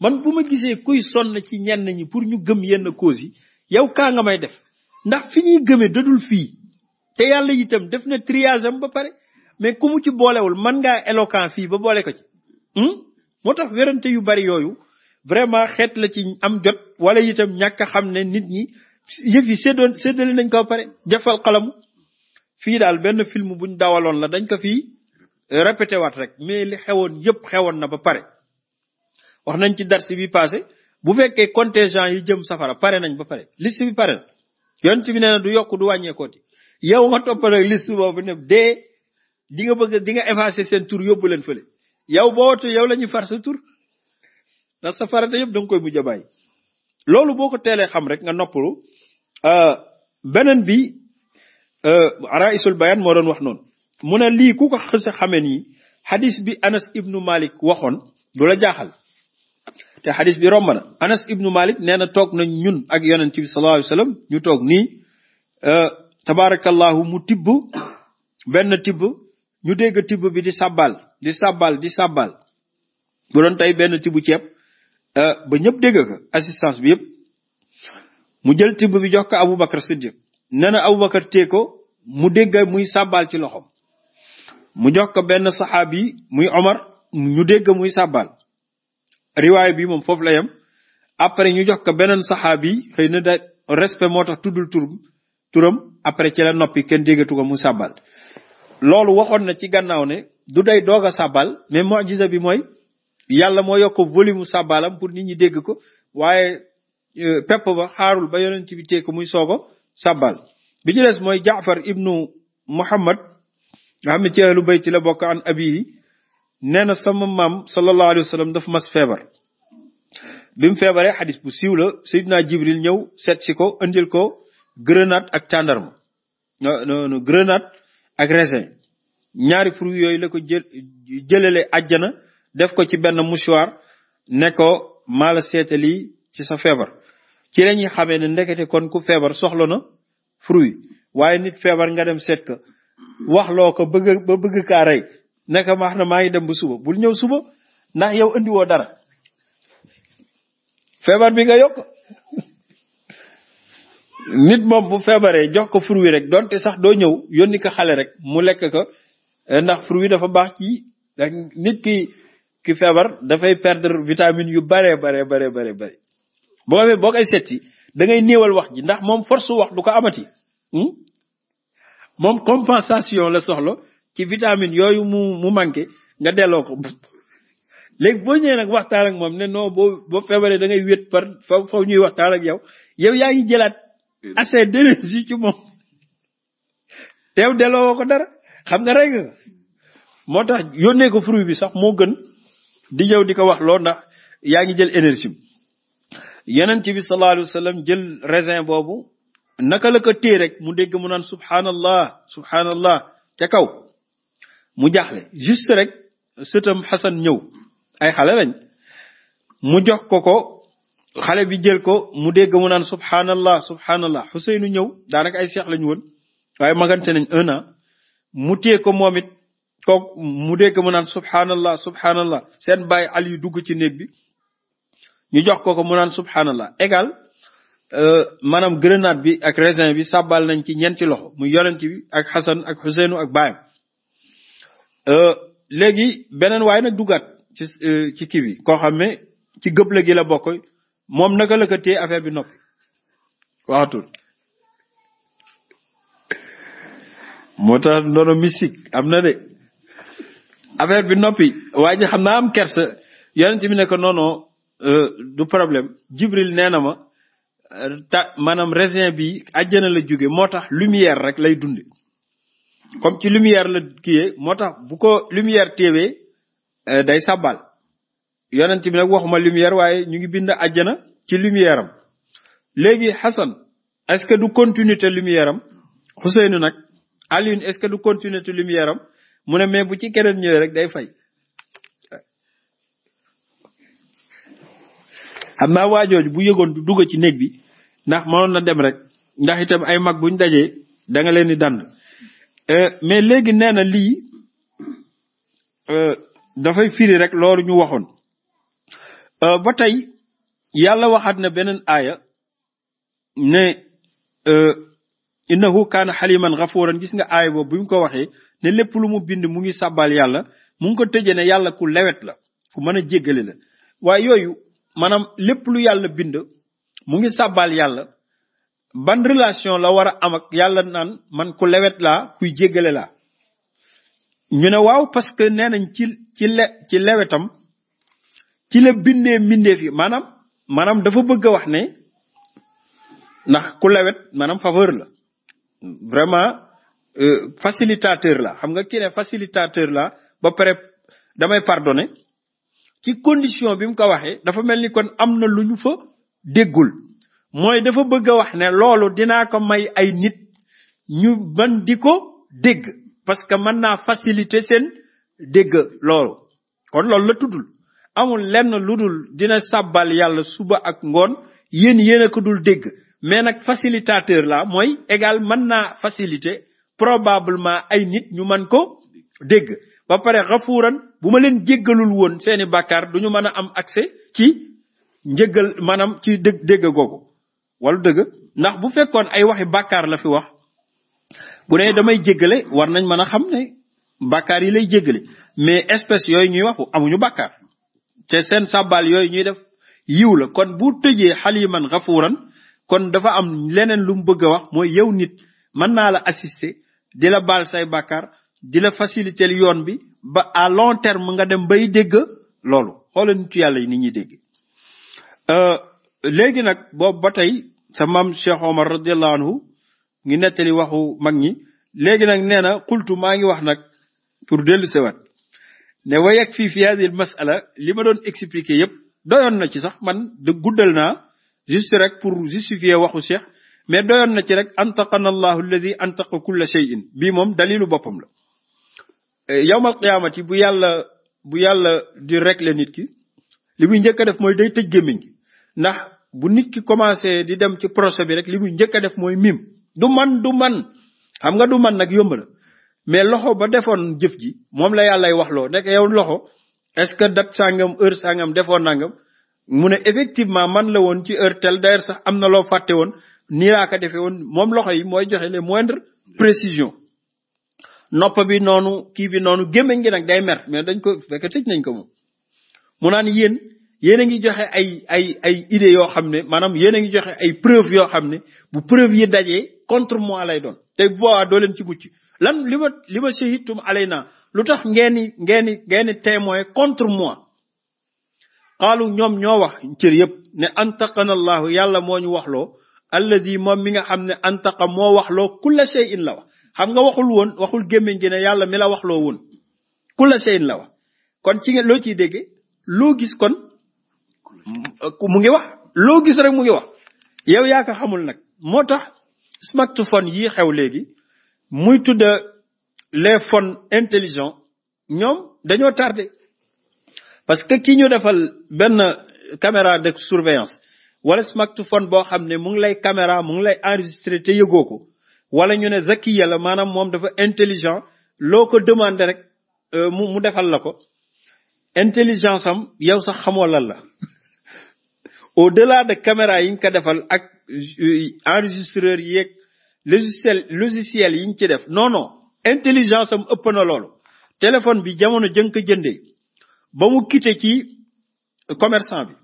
man bu ma gisee kuy sonn ci ñenn ñi pour ñu gëm yenn cause yi yow kaa nga may def ndax fi ñuy gëmee dadul fii te yàlla itam def na triage am ba pare mais ku mu ci boolewul man ngaa éloquent fii ba boole ko ci hmm? moo tax werante yu bari yooyu vraiment xeet la ci am jot wala itam ñàkk a xam ne nit ñi yëf yi séddoon séddale nañ ko pare jafal xalamu fii daal benn film buñ dawaloon la dañ ko fi répété waat rek mais li xewoon yëpp xewoon na ba pare wax nañ ci darsi bi passé bu fekkee contingent yi jëm safara pare nañ ba pare list bi pare na yonent bi nee na du yokk du wàññeekooti yow nga topp nag liste boobu ne dee di nga bëgg di nga effacer seen tur yóbbu leen fële yow boo watu yow la ñuy far sa tur ndax sa farata yëpp da nga koy mujj a bàyyi loolu boo ko teelee xam rek nga noppalu euh, beneen bi euh, raisul bayan moo doon wax noonu mu ne lii ku ko xësa xamee nii xadis bi anas ibnu malik waxoon du la jaaxal te xadis bi rombana na anas ibnu malik nee na toog nañ ñun ak yonent bi sallallahu alayhi ñu toog nii euh, tabarakallahu mu tibb benn tibb ñu dégg tibb bi di sàbbaal di sàbbaal di sàbbaal bu doon tey benn tibb ceeb euh, ba ñëpp dégg ko assistance bi yëpp mu jël tibb bi jox ko Aboubacar Siddiq nee na Aboubacar tee ko mu dégg muy sàbbaal ci loxoom mu jox ko benn saxaabi muy Omar ñu dégg muy sàbbaal riwaay bi moom foofu la yem après ñu jox ko beneen bi xëy na da respect moo tax tuddul tur turam après ci la noppi kenn déggatu ko mu sàbbal loolu waxoon na ci gannaaw ne du day doog a sàbbal mais mojisa bi mooy yàlla moo yokk volume mu sàbbalam pour nit ñi dégg ko waaye euh, pepp ba xaarul ba yonent bi tee muy soogo sàbbal bi mooy jaafar ibnu muhammad nga xam ne ci ahlu bayti la bokk an abihi nee na sama maam sallallahu alayhi wa sallam mas feebar bi mu feebaree xadis bu siiw la Seydina Jibril ñëw seet si ko indil ko grenade ak tàndarma non non grenade ak raisin ñaari fruit yooyu la ko jël jëlale àjjana def ko ci benn mouchoir ne ko maa seetali ci sa feebar ci la ñuy xamee ne ndekete kon ku feebar soxla na fruit waaye nit feebar nga dem seet ko wax loo ko bëgg ba bëgg rey naka baax na maa ngi dem bu suba bul ñëw suba ndax yow indiwoo dara feebar bi nga yokk nit moom bu feebaree jox ko fruit rek donte sax doo ñëw yónni ko xale rek mu lekk ko ndax fruit dafa baax ci nit ki ki feebar dafay perdre vitamine yu baree baree baree baree bare boo ko boo koy seet si da wax ji ndax moom force wax du ko amati hmm? moom compensation la soxla ci vitamine yooyu mu mu manqué nga delloo ko léegi boo ñëwee nag waxtaan ak moom ne non bo boo feebaree da ngay wét par fa fa ñuy waxtaan ak yow yow yaa ngi jëlaat assez d'énergie ci moom teew delloo ko dara xam nga rek moo tax yónnee ko fruit bi sax moo gën di yow di ko wax loo ndax yaa ngi jël énergie yeneen ci bi sallallahu alayhi wa jël raisin boobu naka la ko téye rek mu dégg mu naan subhanallah subhanallah ca kaw mu jaaxle juste rek sëtam Xasan ñëw ay xale lañ mu jox ko ko xale bi jël ko mu dégg mu naan subhanallah subhanallah Xuseynu ñëw daanaka ay seex lañu woon waaye magante nañ un mu téye ko moom it kooku mu dégg mu naan subhanallah subhanallah seen baay al yu dugg ci néeg bi ñu jox ko ko mu naan subhanallah égal euh, maanaam grenade bi ak raisin bi sàbbal nañ ci ñeenti loxo mu yonent bi ak Xasan ak Xuseynu ak baayam Euh, léegi beneen waaye na dugaat ci euh, ci kii bi koo xam ne ci gëble gi la bokk moom naka la affaire bi noppi waxatul moo tax noonu am na de affaire bi noppi waaye xam naa am kersa yonent bi ne ko noonu euh, du problème Jibril nee na ma ta maanaam raisin bi àjjana la jóge moo tax lumière rek lay dunde comme ci lumière la kiyee moo tax bu ko lumière téewee euh, day sàbbal yonent bi nag waxuma lumière waaye ñu ngi bind àjjana ci lumière am léegi Xasan est-ce que du continuité lumière am Xuseynu nag Alioune est-ce que du continuité lumière am mu ne mais bu ci keneen ñëwee rek day fay xam naa waajooju bu yëgoon du dugg ci néeg bi ndax mënoon na dem rek ndax itam ay mag buñ dajee da nga leen di dànd Euh, mais léegi nee na lii euh, dafay firi rek loolu ñu waxoon euh, ba tey yàlla waxaat na beneen aaya ne innahu kaana xaliman xafuuran gis nga aaya boobu bi mu ko waxee ne lépp lu mu bind mu ngi sàbbaal yàlla mu ngi ko tëjee ne yàlla ku lewet la ku mën a jéggale la waaye yooyu maanaam lépp lu yàlla bind mu ngi sàbbaal yàlla ban relation la war a am ak yàlla naan man ku lewet laa kuy jéggale laa ñu ne waaw parce que nee nañ ci ci ci lewetam ci la bindee mbindeef yi maanaam maanaam dafa bëgg a wax ne ndax ku lewet maanaam faveur la vraiment euh, facilitateur la xam nga kii facilitateur la ba pare damay pardonner ci condition bi mu ko waxee dafa mel ni kon am na lu ñu fa déggul mooy dafa bëgg a wax ne loolu dinaa ko may ay nit ñu man di ko dégg parce que mën naa facilité seen dégg loolu kon loolu la tuddul amul lenn lu dul dina sabal yàlla suba ak ngoon yéen yéen a ko dul dégg mais nag facilitateur la mooy égale mën naa facilité probablement ay nit ñu mën ko dégg ba pare xafuuran bu ma leen jéggalul woon seeni bàkkaar du ñu mën a am accès ci njëggal maanaam ci dégg dégg googu wala dëgg ndax bu fekkoon ay waxi bàkkaar la fi wax bu dee damay jéggale war nañ mën a xam ne bàkkaar yi lay jéggale mais espèce yooyu ñuy waxu amuñu bàkkaar te seen sàbbaal yooyu ñuy def yiw la kon bu tëjee xaliman xafuuran kon dafa am leneen lu mu bëgg a wax mooy yow nit mën naa la assister di la baal say bàkkaar di la faciliter yoon bi ba à long terme nga dem bay dégg loolu xoola nitu yàlla yi ni ñuy dégg euh, léegi nag boobu ba tey sa maam Cheikh Omar radiallahu anhu ngi nettali waxu mag ñi léegi nag nee na xultu maa ngi wax nag pour dellu sewat ne wa yag fii fi hadhihi al masala li ma doon expliqué yépp doyoon na ci sax man de guddal naa juste rek pour justifier waxu Cheikh mais doyoon na ci rek antaqana allahu alladi antaqa kulla shay'in bii moom dalilu boppam la eh, yawmal qiyaamati bu yàlla bu yàlla di régler nit ki li muy njëkk a def mooy day tëj gémmiñ ndax bu nit ki commencé di dem ci procès bi rek li muy njëkk a def mooy miim du man du man xam nga du man nag yomb la mais loxo ba defoon jëf ji moom lay la yàllay wax loo nekk yow loxo est-ce que date sangam heure sangam defoon nangam mu ne effectivement man la woon ci heure tel d'ailleurs sax am na loo fàtte woon nii laa defee woon moom loxo yi mooy joxe les moindres précisions nopp bi noonu kii bi noonu gémmiñ gi nag day mer mais dañ ko fekk tëj nañ ko moom yéen a ngi joxe ay ay ay idées yoo xam ne maanaam yéen a ngi joxe ay preuve yoo xam ne bu preuve yi dajee contre moi lay doon te boobaa doo leen ci mucc lan li ma li ma shahidtum alay na lu tax ngeeni ngeeni ngeeni témoin contre moi xaalu ñoom ñoo wax cër yëpp ne antaqana allahu yàlla moo ñu waxloo alladi moom mi nga xam ne antaqa moo waxloo kulla shay'in la wax xam nga waxul woon waxul gémmiñ gi yàlla mi la waxloo woon kulla shay'in la wax kon ci loo ciy dégge loo gis kon mu ngi wax loo gis rek mu ngi wax yow yaa xamul nag moo tax smartphone yii xew léegi muy tudd les phones intelligents ñoom dañoo tardé parce que ki ñu defal benn caméra de surveillance wala smartphone boo xam ne mu ngi lay caméra mu ngi lay enregistré te yëgoo ko wala ñu ne zaki yàlla maanaam moom dafa intelligent loo ko demandé rek euh, mu mu defal la ko intelligence sam yow sax xamoo lan la au delà de caméra yi nga ko defal ak euh, enregistreur yeeg logiciel yi ñu ci def non non intelligence am ëpp na loolu téléphone bi jamono jënk jëndee ba mu quitté ci commerçant bi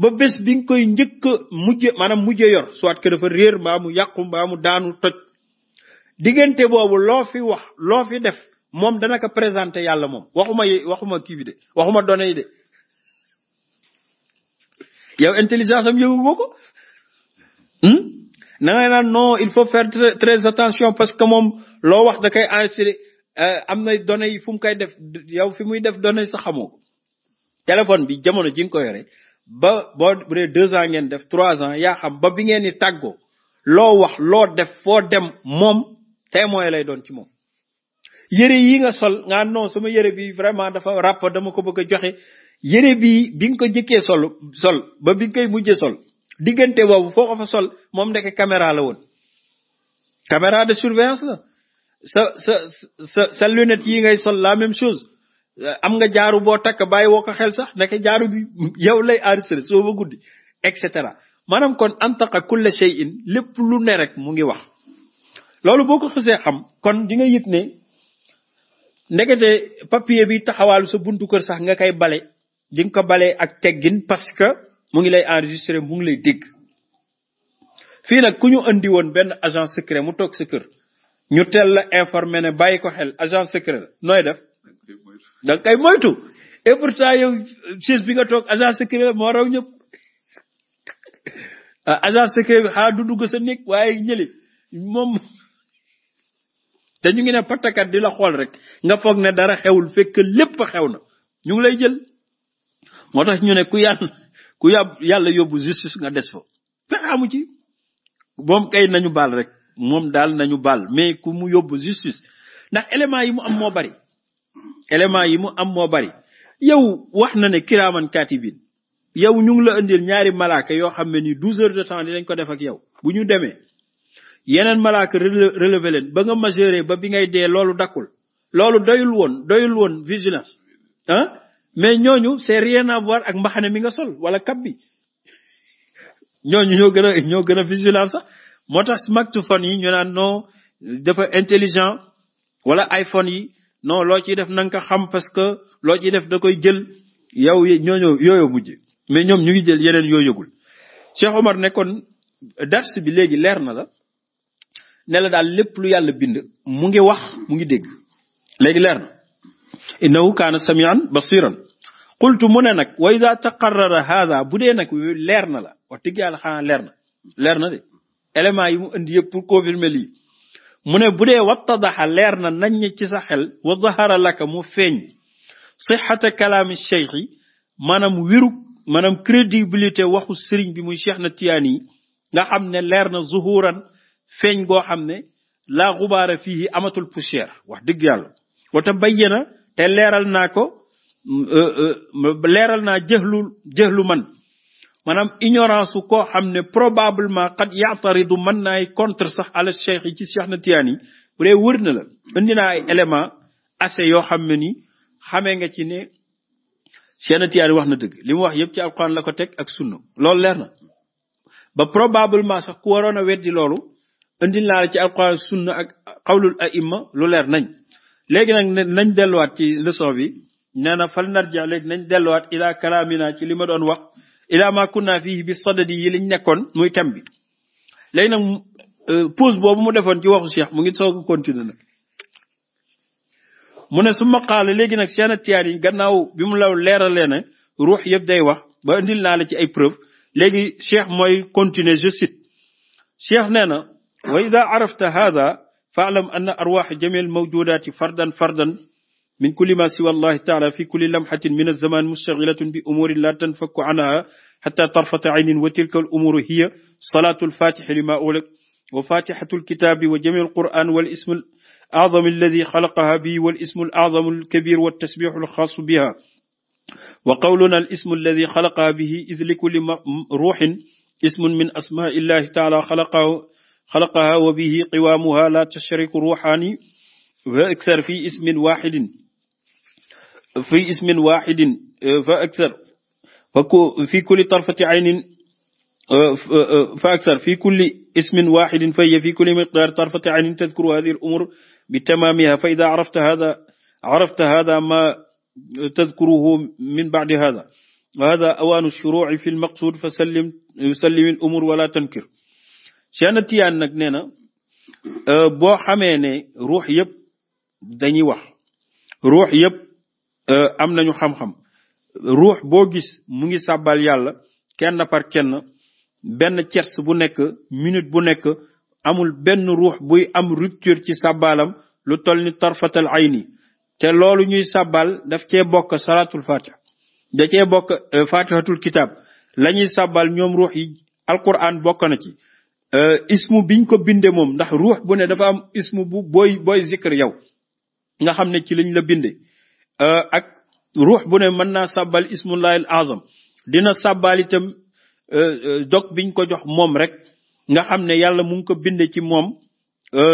ba bés bi nga koy njëkk mujj maanaam mujj yor soit que dafa réer mbaa mu yàqu mbaa mu daanu toj diggante boobu loo fi wax loo fi def moom dana ko présenté yàlla moom waxuma waxuma kii de waxuma données yi de yow intelligence am yëgu ko ko hmm? na ngay naan il faut faire très attention parce que moom loo wax da koy enregistré euh, am na données yi fu mu koy def yow fi muy def données sax xamoo téléphone bi jamono ji ko yore ba boo dee deux ans ngeen def trois ans yaa xam ba bi ngeen di tàggoo loo wax loo def foo dem moom témoin lay doon ci moom. yëre yi nga sol nga non sama yére bi vraiment dafa ràpp dama ko bëgg a joxe yére bii bi nga ko jëkkee sol sol ba bi nga koy mujjee sol diggante boobu foo ko fa sol moom ndeke caméra la woon caméra de surveillance la sa sa sa sa lunette yi ngay sol la même chose am nga jaaru boo takk bàyyi woo ko xel sax ndeke jaaru bi yow lay enregistré soo ba guddi et cetera maanaam kon antaqa kulla shay'in lépp lu ne rek mu ngi wax loolu boo ko xasee xam kon di nga yëg ne ndekete papier bi taxawaalu sa buntu kër sax nga koy bale di nga ko balee ak teggin parce que mu ngi lay enregistré mu ngi lay dégg fii nag ku ñu andi woon benn agent secret mu toog sa ñu teel la informé ne bàyyi ko xel agent secret nooy def da nga koy moytu et yow chaise bi nga toog agent secret la moo raw ñëpp ah, agent secret xaa du dugg sa néeg waaye ñëli moom te ñu ngi ne patakat di la xool rek nga foog ne dara xewul fekk lépp xew na ñu ngi lay jël moo tax ñu ne ku yàlla ku yàb yàlla yóbbu justice nga des fa fexe amu ci moom kay nañu baal rek moom daal nañu baal mais ku mu yóbbu justice ndax élément yi mu am moo bari élément yi mu am moo bari yow wax na ne kiraaman katibin yow ñu ngi la indil ñaari malaaka yoo xam ne ni douze heures de temps dañ ko def ak yow bu ñu demee yeneen malaaka relevé leen ba nga majeure ba bi ngay dee loolu dakkul loolu doyul woon doyul woon vigilance ah mais ñooñu c'est rien à voir ak mbaxane mi nga sol wala kab bi ñooñu ñoo gën a ñoo gën a vigilant moo tax smartphone yi ñu naan non dafa intelligent wala iPhone yi non loo ciy def na ko xam parce que loo ciy def da koy jël yow ñooñoo yooyo mujj mais ñoom ñu ngi jël yeneen yoo yëgul Cheikh Omar ne kon dars bi léegi leer na la ne la daal lépp lu yàlla bind mu ngi wax mu ngi dégg léegi leer na innahu kaana samian basiran qultu mu ne nag wa ida taqarrara haada bu dee nag leer na la wax dëgg yàlla xanaa leer na leer na de éléments yi mu indi yëpp pour confirmer lii mu ne bu dee wattadaxa leer na nañ ci sa xel wa zahara laka mu feeñ sixata kalaami cheikh yi maanaam wiru maanaam crédibilité waxu sëriñ bi muy cheikh na tiyaan yi nga xam ne leer na zuhuran feeñ goo xam ne laa xubaara fii amatul poussière wax dëgg yàlla wata bayyana te leeral naa ko euh, euh, leeral naa jëxlu jëxlu man maanaam ignorance su koo xam ne probablement xat yaataridu man naay contre sax ala cheikh ci cheikh na tiyaan yi bu dee wër na la indi ay élément assez yoo xam ne ni xamee nga ci ne cheikh na wax na dëgg li mu wax yëpp ci alquran la ko teg ak sunna lool leer na ba probablement sax ku waroon a weddi loolu indil naa ci alquran sunna ak a aima lu leer nañ léegi nag nañ delluwaat ci leçon bi nee na fal narja léegi nañ delluwaat ila kalaamina ci li ma doon wax ila ma kunna fii bi sadadi yi liñ nekkoon muy tem bi léegi nag euh, pause boobu mu defoon ci waxu Cheikh mu ngi soog continue continuer nag mu ne su ma léegi nag seen tiyaar yi gannaaw bi mu law leeralee ne ruux yëpp day wax ba indil la ci ay preuve léegi Cheikh mooy continuer je cite Cheikh na wa ida arafta hada faalam anna arwaax jameel mawjudaati fardan fardan min kulli ma siwa allahi taala fi kulli lamxatin min alzamaan mustaxilatun bi umurin la tanfaku anha xata tarfata aynin wa tilka al umuru hiya salaatu alfatixi lima ulik wa fatixatu alkitaabi wa jami alquran wal ismu al aazam alladi xalaqaha bi wal ismu al aazam alkabir wa tasbixu alxaasu biha wa qawluna al ismu alladi xalaqaha bihi id likulli ruuxin ismun min asmaa illahi taala xalaqahu xalaqaha wa bihi qiwaamuha la tashriku ruuxaani fa akthar fi ismin waxidin fi ismin waxidin fa akthar fi kulli tarfati aynin fa akthar fi kulli ismin waxidin fa hiya fi kulli miqdaar tarfati aynin tadkuru hadihi al umur bi tamaamiha fa ida arafta hada arafta hada ma tadkuruhu min bacdi hada wa hada awaanu shuruuci fi lmaqsuud fa sallim sallim al umur wala tankir Cheikh na Tiyaan nag nee na euh, boo xamee ne ruux yëpp dañuy wax ruux yëpp euh, am nañu xam-xam ruux boo gis mu ngi sàbbal yàlla kenn par kenn benn tiers bu nekk minute bu nekk amul benn ruux buy am rupture ci sàbbaalam lu toll ni tarfatal ayni te loolu ñuy sàbbal daf cee bokk salatul fatiha da cee bokk euh, fatihatul kitab la ñuy sàbbal ñoom ruux yi alquran bokk na ci Euh, ismu biñ ko binde moom ndax ruux bu dafa am ismu bu booy booy zikr yow nga xam ne ci liñ la binde euh, ak ruux bu ne mën naa sàbbal ismullahil azam dina sàbbal itam euh, dog biñ ko jox moom rek nga xam ne yàlla mu ngi ko binde ci moom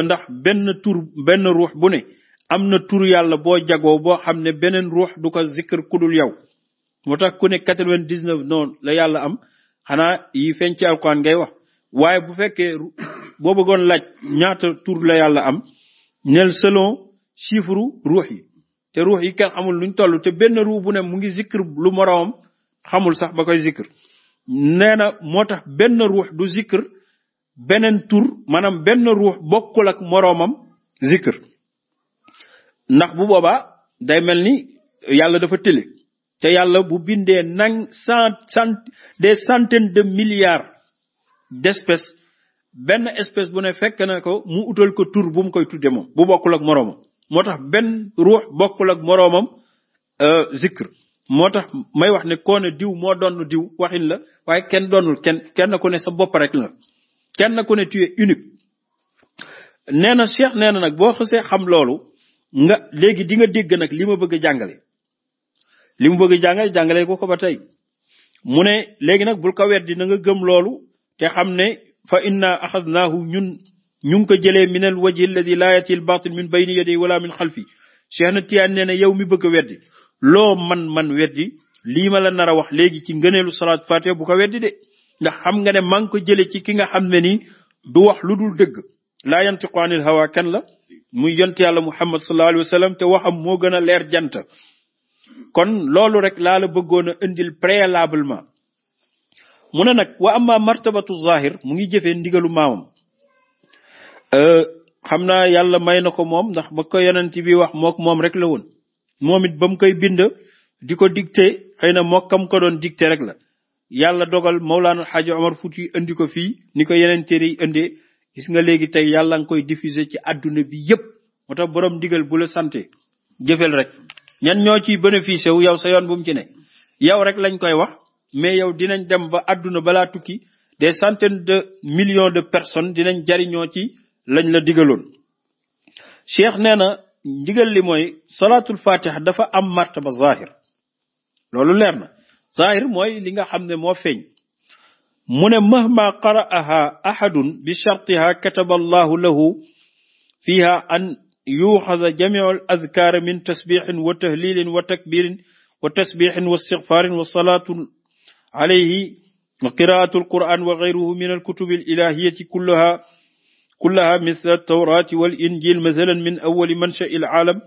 ndax benn tur benn ruux bu ne am na tour yàlla boo jagoo boo xam ne beneen ruux du ko zikr kudul yow moo tax ku quatre-vingt-dix-neuf noonu la yàlla am xanaa yi feeñ ci alquran ngay wax waaye bu fekkee boo bëggoon laaj ñaata tour la yàlla am nel selon chiffre ruux yi te ruux yi kenn amul luñ toll te benn ruux bu ne mu ngi zikr lu moroomam xamul sax ba koy zikr nee na moo tax benn ruux du zikr beneen tur maanaam benn ruux bokkul ak moroomam zikr ndax bu boobaa day mel ni yàlla dafa tële te yàlla bu bindee nang cent cent des centaines de milliards d'espèce benn espèce bu ne fekk na ko mu utal ko tur bu mu koy tudde moom bu bokkul ak moroomam moo tax benn ruux bokkul ak moroomam euh, zikr moo tax may wax ne koo ne diw moo doon diw waxin la waaye kenn doonul kenn kenn ku ne sa bopp rek la kenn ku ne tu es unique nee na Cheikh nee na nag boo xasee xam loolu nga léegi di nga dégg nag li ma bëgg a jàngale li mu bëgg a jàngale jàngale ko ko ba tey mu ne léegi nag bul ko weddi na nga gëm loolu te xam ne fa inna axadnaahu ñun ñu ngi ko jëlee min al waji alladi laa yati al batil min bayni yadi wala min xalfi Cheikh na Tiyaan nee na yow mi bëgg a weddi loo man man weddi lii ma la nar a wax léegi ci ngëneelu salaat fatiha bu ko weddi de ndax xam nga ne maa ko jëlee ci ki nga xam ne nii du wax lu dul dëgg laa yantiqu anil hawa kan la muy yont yàlla muhammad sallallahu alayhi wa sallam te waxam moo gën a leer jant kon loolu rek laa la bëggoon a indil préalablement mu ne nag wa am amma martabatu zahir mu ngi jëfee ndigalu maamam euh, xam naa yàlla may na ko moom ndax ba ko yonent bi wax mook moom rek la woon moom it ba mu koy bind di ko dicté xëy na mook kam ko doon dicté rek la yàlla dogal Mawlaana Xaaji Omar Fuuti indi ko fii ni ko yeneen téere yi indee gis nga léegi tey yàlla nga koy diffuser ci àdduna bi yépp moo tax borom ndigal bu la santé jëfel rek ñan ñoo ciy bénéficié wu yow sa yoon bu ci ne yow rek lañ koy wax mais yow dinañ dem ba àdduna balaa tukki des centaines de million de personnes dinañ jariñoo ci lañ la digaloon cheikh nee na ndigal li mooy salaatul fatiha dafa am martaba zahir loolu leer zahir mooy li nga xam ne moo feeñ mu ne mahma qara'aha ahadun bi shartiha kataba allahu lahu fiha an yuxaza jamiu al azkaar min tasbixin wa tahlilin wa takbirin wa tasbixin wa istigfaarin wa salaatul alayhi wa qiraatu alquran wa gayruhu min alkutubi alilahiyati kullaha kullaha misl altawrati walinjil mathalan min awali manshai alaalam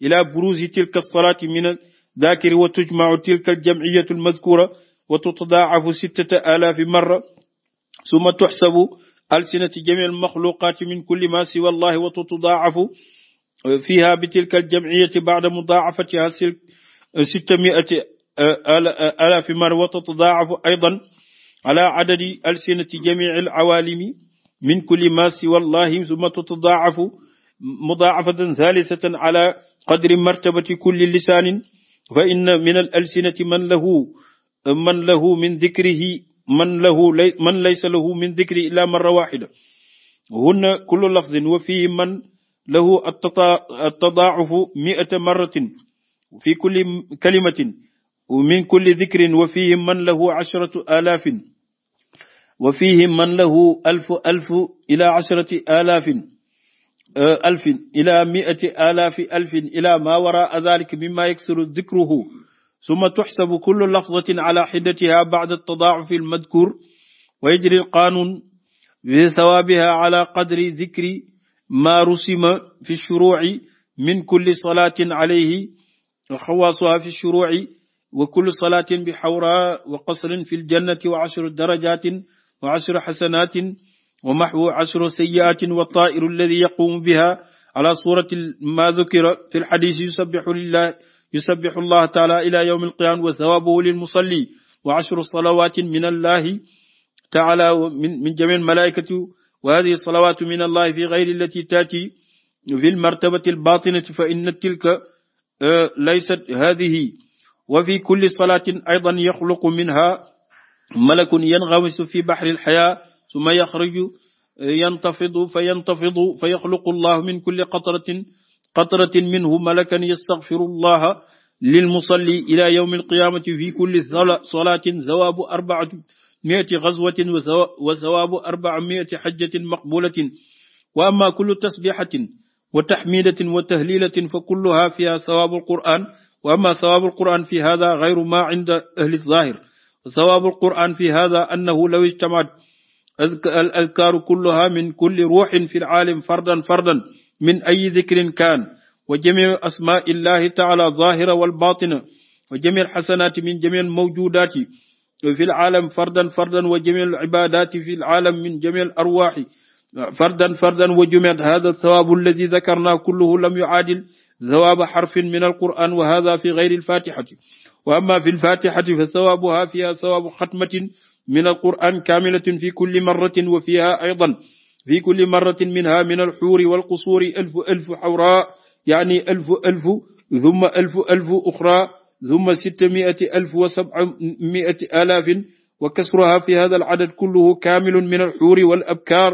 ila buruzi tilka alsalati min aldakiri wa tujmacu tilka aljamciyatu almadkura wa tutdaacafu sittata alaafi marra summa tuxsabu alsinati jami almaxluqaati min kulli ma siwa allahi wa tutdaacafu fiha bitilka aljamciyati bacda mudaacafatiha sittamiati ala fi marwa tatadaafu aydan ala adadi alsinati jamii alawalimi min kulli ma siwa llahi summa tatadaafu mudaafatan thalithatan ala qadri martabati kulli lisaanin fa inna min al alsinati man lahu man lahu min dikrihi man lahu man laysa lahu min dikri illa marra waxida hunna kullu lafdin wa fihi man lahu atadaafu miata marratin fi kulli kalimatin min kulli dhikrin wa fihim man lahu asharatu alaafin wa fihim man lahu alfu alfu ila asharati alaafin alfin ila miati alaafi alfin ila ma wara dhalik mimma yaksuru dhikruhu summa tuxsabu kullu lafzatin ala xiddatiha bacda tadaacufi almadkur wa yajri alqaanun bi sawaabiha ala qadri dhikri ma rusima fi shuruuci min kulli salaatin alayhi wa xawaasuha fi shuruuci wa kullu salaatin bi xawra wa qasrin fi ljannati wa ashru darajatin wa ashru xasanatin wa maxwu ashru sayiatin wa taa'iru alladi yaquumu biha ala surati ma dukira fi lxadis yusabixu lillah yusabixu allah taala ila yawmi alqiyaama wa thawaabuhu lilmusalli wa ashru salawatin min allahi taala min jami almalaikati wa hadihi salawatu min allahi fi gayri allati taati fi lmartabati albatinati fa inna tilka laysat hadihi wa fi kulli salatin aydan yaxluqu minha malakun yanghamisu fi bahri alxaya summa yaxruju eh, yantafidu fa yantafidu fa yaxluqu llahu min kulli qatratin qatratin minhu malakan yastaghfiru llaha lilmusalli ila yawmi alqiyamati fi kulli salatin thawabu arba'ati mi'ati ghazwatin wa thawabu arba'a mi'ati hajjatin maqbulatin wa amma kullu tasbihatin wa tahmidatin wa tahlilatin fa kulluha fiha thawabu alquran wa amma sawaabu alquran fi hada gayru ma inda ahli zahir sawaabu alquran fi hada annahu law ijtamaat al azkaaru kulluha min kulli ruuxin fi alaalim fardan fardan min ayi dikrin kaan wa jamiu asmaa illahi taala zahira wal baatina wa jamiu alxasanaati min jamiu almawjudaati fi alaalam fardan fardan wa jamiu alibaadaati fi alaalam min jamiu alarwaaxi fardan fardan wa jumiat hada sawaabu alladi dakarna kulluhu lam yucaadil sawaaba xarfin min alquran wa hada fi gayri alfatixati wa ama fi lfatixati fa sawaabuha fiha sawaabu xatmatin min alquran kaamilatin fi kulli maratin wa fiha aydan fi kulli maratin minha min alxuuri walqusuuri alfu alfu xawraa yaani alfu alfu thumma alfu alfu uxra thumma sitta miati alf wa sabca miati alaafin wa kasruha fi hada alcadad kulluhu kaamilun min alxuuri walabkaar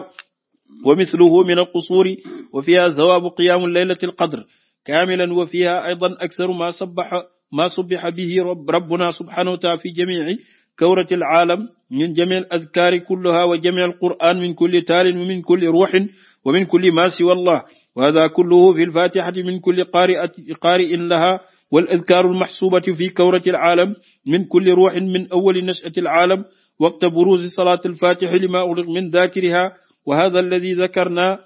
wa misluhu min alqusuuri wa fiha sawaabu qiyaamu leylati alqadr kaamilan wa fiha aydan aktaru ma sabaxa ma subixa bihi rabbuna subhanahu wa taala fi jamici kawrati alaalam min jami alazkaari kulluha wa jami alquran min kulli taalin wa min kulli ruuxin wa min kulli ma siwa allah wa hada kulluhu fi alfatixati min kulli qaari'in laha والأذكار المحسوبة في كورة العالم من كل روح من أول نشأة العالم وقت بروز صلاة الفاتح لما أغلق من ذاكرها وهذا الذي ذكرنا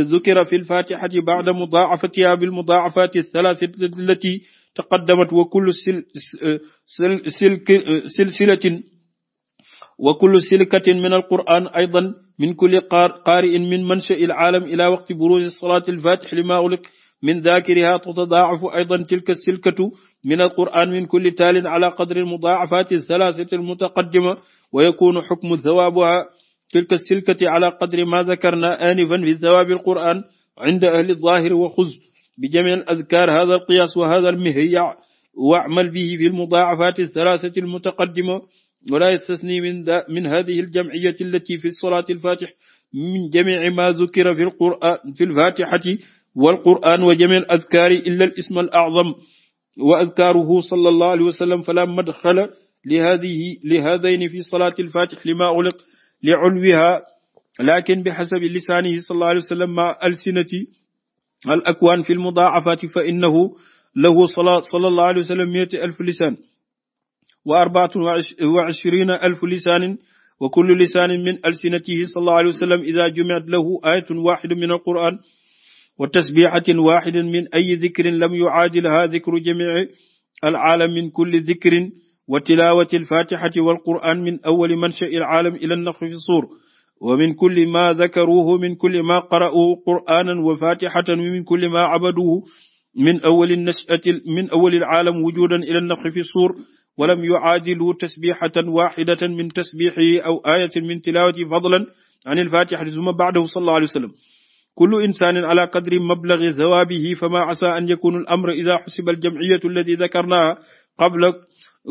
ذكر في الفاتحة بعد مضاعفتها بالمضاعفات الثلاثة التي تقدمت وكل سل سل سل سلسلة وكل سلكة من القرآن أيضا من كل قارئ من منشأ العالم إلى وقت بروز صلاة الفاتح لما أغلق من ذاكرها تتضاعف أيضا تلك السلكة من القرآن من كل تال على قدر المضاعفات الثلاثة المتقدمة ويكون حكم ثوابها tilka silkati ala qadri ma zakarna anifan fi thawabi alquran inda ahli zahiri wa xuz bi jami alazkar hada alqiyas wa hada almihya واعمل به في المضاعفات الثلاثة المتقدمة ولا يستثني من من هذه الجمعية التي في الصلاة الفاتح من جميع ما ذكر في القرآن في الفاتحة والقرآن وجميع الأذكار إلا الاسم الأعظم وأذكاره صلى الله عليه وسلم فلا مدخل لهذه لهذين في صلاة الفاتح لما أغلق li ulwiha lakin bi xasabi lisaanihi sallallahu alayhi wa sallam ma alsinati al akwaan fi lmudaafati fa innahu lahu sallallahu alayhi wa sallam miati alf lisaan wa arbaatun wa ishriina alf lisaanin wa kullu lisaanin min alsinatihi sallallahu alayhi wa sallam ida jumiat lahu ayatun waxida min alquran wa tasbixatin waxidin min ayi dikrin lam yucaadilha dikru jamici alcaalam min kulli dikrin wa tilaawati alfatixati walquran min awali manshai alaalam ila nafxi fi suur wa min kulli ma dakaruuhu min kulli ma qara'uhu qur'anan wa fatixatan wa min kulli ma cabaduuhu min awali nashati min awali alaalam wujudan ila nafxi fi suur walam yucaadilu tasbixatan waxidatan min tasbixihi aw ayatin min tilaawatihi fadlan an alfatixati summa bacdahu sallallahu alayhi wa sallam kullu insaanin ala qadri mablagi zawaabihi fama asa an yakuna al amru ida xusiba aljamciyatu allati dakarnaha qabla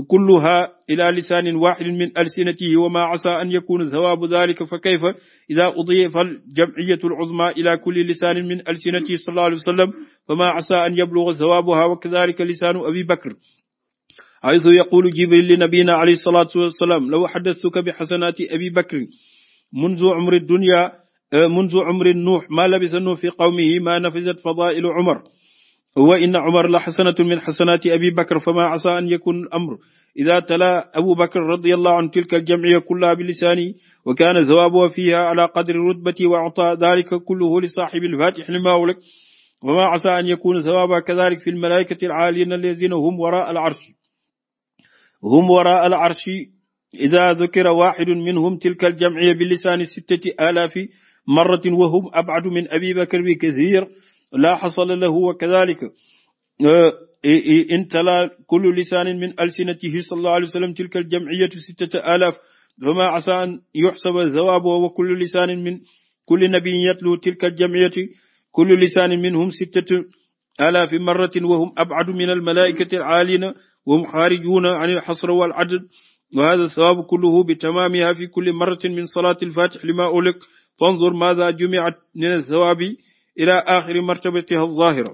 kulluha ila lisanin waxidin min alsinatihi wa ma asa an yakuna sawabu dalika fa kayfa ida udifa aljamciyatu alcuzma ila kulli lisanin min alsinatihi sallallahu alayhi wa sallam fa ma asa an yabluga sawabuha wa kadalika lisanu abi bakr haysu yaqulu jibril li nabiyina alayhi salatu wassalam law xaddastuka bi xasanati abi bakrin munzu umri dunya munzu umri nuux ma labisa nuux fi qawmihi ma nafisat fadailu umar wa inna umar la xasanatun min xasanati abi bakr fama asa an yakun amr ida tala abu bakr radiallahu an tilka aljamciya kullaha bilisani wa kana zawabuha fiha ala qadri rutbati wa ata dalika kulluhu li saxibi alfatix lima ulak fama asa an yakuna zawabuha kadalik fi almalaikati alaalina alladina hum wara alarshi hum wara alarshi ida dukira waxidun minhum tilka aljamciya bilisani sittati alafi maratin wa hum abcadu min abi bakr bi kathir laa xasala lahu wa kadalika in tala kullu lisaanin min alsinatihi sallallahu alayhi wa sallam tilka aljamciyatu sittata alaf fama asa an yuxsaba zawaabu wa kullu lisaanin min kulli nabiyin yatlu tilka aljamciyati kullu lisaanin minhum sittatu alaafi marratin wa hum abcadu min almalaaikati alaalina wa hum xaarijuuna an alxasra wal adad wa hada sawaabu kulluhu bi tamaamiha fi kulli marratin min salaati alfatix lima ulik fanzur maada jumiat min alsawaabi ila axiri martabatiha zahira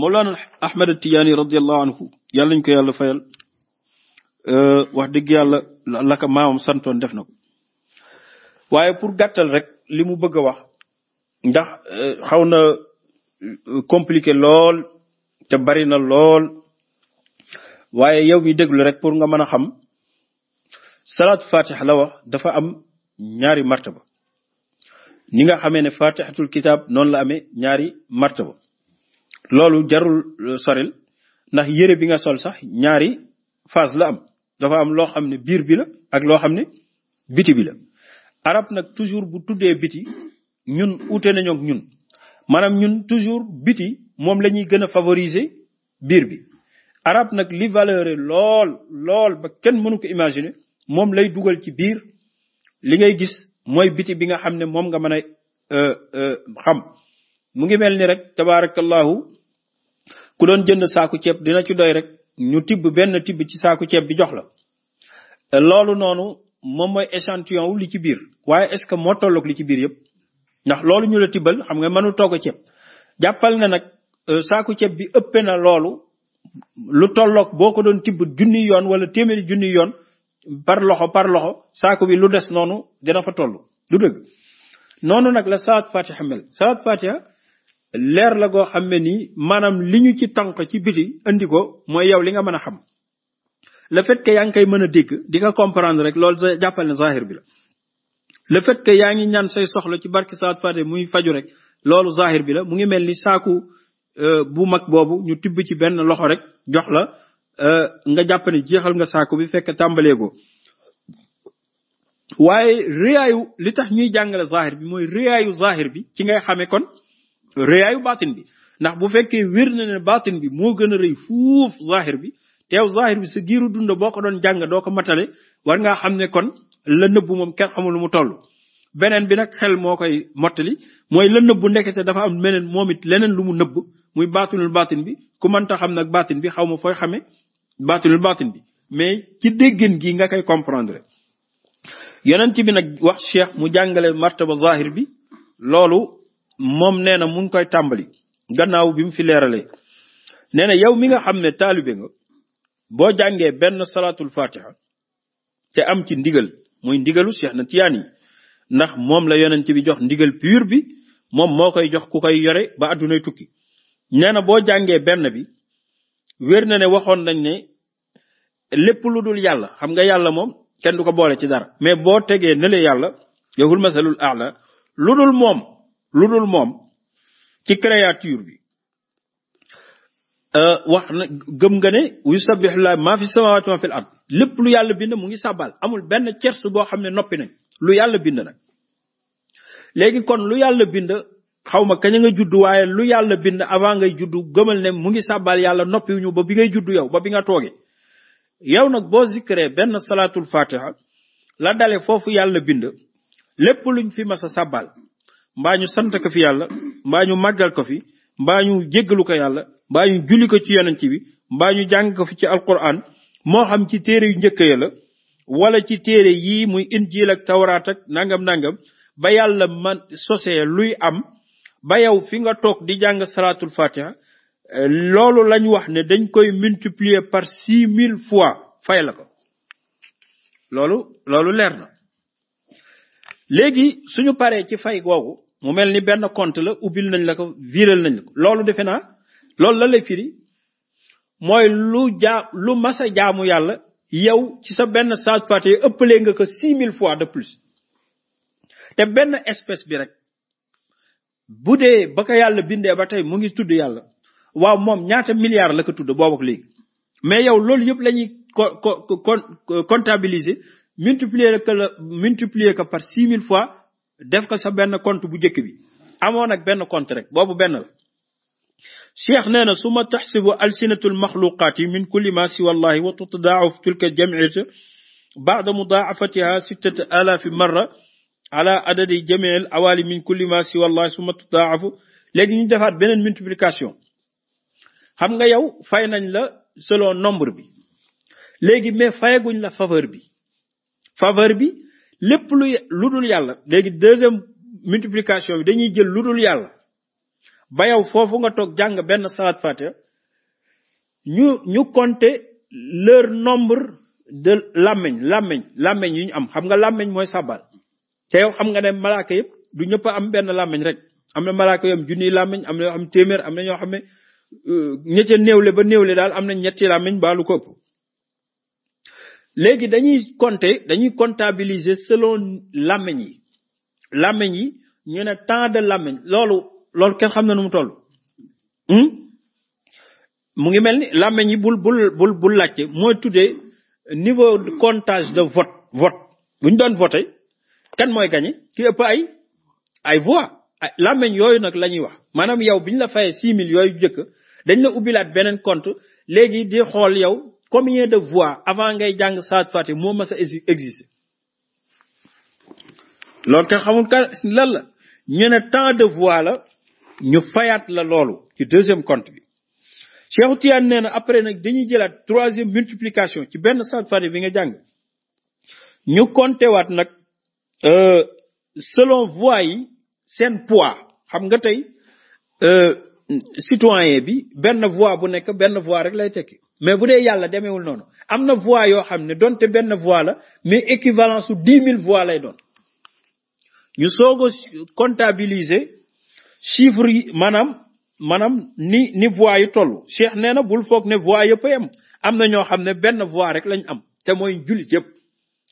Mawlana Ahmed Tidiane radiallahu anhu yàlla ñu ko yàlla fayal wax dëgg yàlla la ko maamam santoon def na ko waaye pour gàttal rek li mu bëgg a wax ndax xaw na compliqué lool te bari na lool waaye yow mi déglu rek pour nga mën a xam salaatu fatiha la wax dafa am ñaari martaba ni nga xamee ne fatihatul kitab noonu la amee ñaari martaba loolu jarul euh, soril ndax yére bi nga sol sax ñaari phase la am dafa am loo xam ne biir bi la ak loo xam ne biti bi la arab nag toujours bu tuddee biti ñun uute nañoo ak ñun maanaam ñun toujours biti moom la ñuy gën a favoriser biir bi arab nag li valeur lool lool ba kenn mënu ko imaginer moom lay dugal ci biir li ngay gis mooy biti bi nga xam ne moom nga mën a euh, euh, xam mu ngi mel ni rek tabaarakallahu ku doon jënd saaku ceeb dina ci doy rek ñu tibb benn tibb ci saaku ceeb bi jox la loolu noonu moom mooy échantillon li ci biir waaye est-ce que moo tolloog li ci biir yëpp ndax loolu ñu la tibbal xam nga mënu togg ceeb jàppal na nag euh, saaku ceeb bi ëppe na loolu lu tolloog boo ko doon tibb junni yoon wala téeméeri junni yoon par loxo par loxo saako bi lu des noonu dina fa toll du dëgg noonu nag la saat fatiha mel saat fatiha leer la ko xam ne nii maanaam li ñu ci tànq ci biti andi ko mooy yow li nga mën a xam la fait yaa ngi koy mën a dégg di nga comprendre rek loolu jàppal ne zahir bi la le fait yaa ngi ñaan say soxla ci barki saat fatiha muy faju rek loolu zahir bi la mu ngi mel ni saaku euh, bu mag boobu ñu tibb ci benn loxo rek jox la Euh, nga jàpp ne jeexal nga saako bi fekk tàmbalee ko waaye réyaayu li tax ñuy jàngale zahir bi mooy réyaayu zahir bi ci ngay xamee kon réyaayu baatin bi ndax bu fekkee wér na ne bi moo gën a rëy fuuf bi teew zahir bi si giiru dund boo ko doon jàng doo ko matale war ngaa xam ne kon la nëbbu moom kenn xamul lu mu toll beneen bi nag xel moo koy mottali mooy la nëbbu ndekete dafa am meneen moom it leneen lu mu nëbb muy baatinul baatin bi ku mënta xam nag baatin bi xaw ma fooy xamee baatinul baatin bi mais ci déggan gi nga koy comprendre yonent bi nag wax cheikh mu jàngale martaba zahir bi loolu moom nee na mu koy tàmbali gannaaw bi mu fi leeralee nee na yow mi nga xam ne taalibe nga boo jàngee benn salaatul fatiha te am ci ndigal muy ndigalu cheikh na tiyaan yi ndax moom la yonent bi jox ndigal pur bi moom moo koy jox ku koy yore ba addunay tukki nee na boo jàngee benn bi wér na ne waxoon nañ ne lépp lu dul yàlla xam nga yàlla moom kenn du ko boole ci dara mais boo tegee ne yàlla yowul masalul aala lu dul moom lu dul moom ci créature bi euh, wax na gëm nga ne yusabbih lillah maa fi samawati ma fil ard lépp lu yàlla bind mu ngi sàbbaal amul benn cerse boo xam ne noppi nañ lu yàlla bind nag léegi kon lu yàlla bind xaw ma kañ nga judd waaye lu yàlla bind avant ngay judd gëmal ne mu ngi sàbbaal yàlla ñu ba bi ngay juddu yow ba bi nga toogee yow nag boo zikree benn salaatul fatiha la dale foofu yàlla bind lépp luñ fi mas a sàbbaal mbaa ñu sant ko fi yàlla mbaa ñu màggal ko fi mbaa ñu jéggalu ko yàlla mbaa ñu julli ko ci yonent bi mbaa ñu jàng ko fi ci alquran moo xam ci téere yu njëkk ya la wala ci téere yii muy injil ak tawraat ak nangam ndàngam ba yàlla man sosee luy am ba yow fi nga toog di jàng salaatul fatiha Euh, loolu lañu wax ne dañ koy multiplier par six mille fois fay la ko loolu loolu leer na léegi suñu paree ci fay googu mu mel ni benn compte la ubbil nañ la ko viral nañ la ko loolu defe naa loolu la lay firi mooy lu jaa lu masa jaamu yàlla yow ci sa benn sage fatiye ëppalee nga ko six mille fois de plus te benn espèce bi rek bu dee ba ko yàlla bindee ba tey mu ngi tudd yàlla waaw moom ñaata milliards la ko tudd boobu ak léegi mais yow loolu yëpp la ñuy co co multiplier ko la multiplier ko par six mille fois def ka sa benn compte bu njëkk bi amoon nag benn compte boobu benn la cheikh nee na suma taxsibu alsinatu almaxluqaati min kulli ma siwa allahi wa tutadaaf tilka jamiyatu baada mudaafatiha sittata alaafi marra ala adadi jamii al awali min kulli suma tudaafu léegi ñu defaat beneen multiplication xam nga yow fay nañ la selon nombre bi léegi mais fayaguñ la faveur bi faveur bi lépp lu lu dul yàlla léegi deuxième multiplication bi dañuy jël lu dul yàlla ba yow foofu nga toog jàng benn salat fatiha ñu ñu compter leur nombre de làmmeñ làmmeñ làmmeñ yu ñu am xam nga làmmeñ mooy sabal te yow xam nga ne malaaka yëpp du ñëpp am benn làmmeñ rek am na malaaka yu am junniy làmmeñ am na yoo xam téeméer am na ñoo xam ne ña néew néewle ba néewle daal am na ñetti làmmiñ baalu ko ëpp léegi dañuy compter dañuy comptabiliser selon làmmiñ yi làmmiñ yi ñu ne temps de làmmiñ loolu loolu kenn xam na nu mu toll hmm? mu ngi mel ni làmmiñ yi bul bul bul bul laajte mooy tuddee niveau de comptage de vote vote bu ñu doon voté kan mooy gagné ki ëpp ay ay voix làmmiñ yooyu nag la ñuy wax maanaam yow bi ñu la fayee six mille yooyu jëkk dañ la ubbilaat beneen compte léegi di xool yow combien de voix avant ngay jàng saat fati moo mas a existé loolu kenn xamul ka lan la ñu ne tant de voix la ñu fayaat la loolu ci deuxième compte bi Cheikhu Tiyaan nee na après nag dañuy jëlaat troisième multiplication ci benn saat fati bi nga jàng ñu compté waat nag euh, selon voix yi seen poids xam nga tey euh, citoyen bi benn voix bu nekk benn voix rek lay tekki mais bu dee yàlla demeewul noonu am na voix yoo xam ne donte benn voix la mais équivalence su dix mille voix lay doon ñu soog a comptabiliser chiffre yi maanaam maanaam ni ni voix yi toll Cheikh nee na bul foog ne voix yëpp am am na ñoo xam ne benn voix rek lañ am te mooy jullit yëpp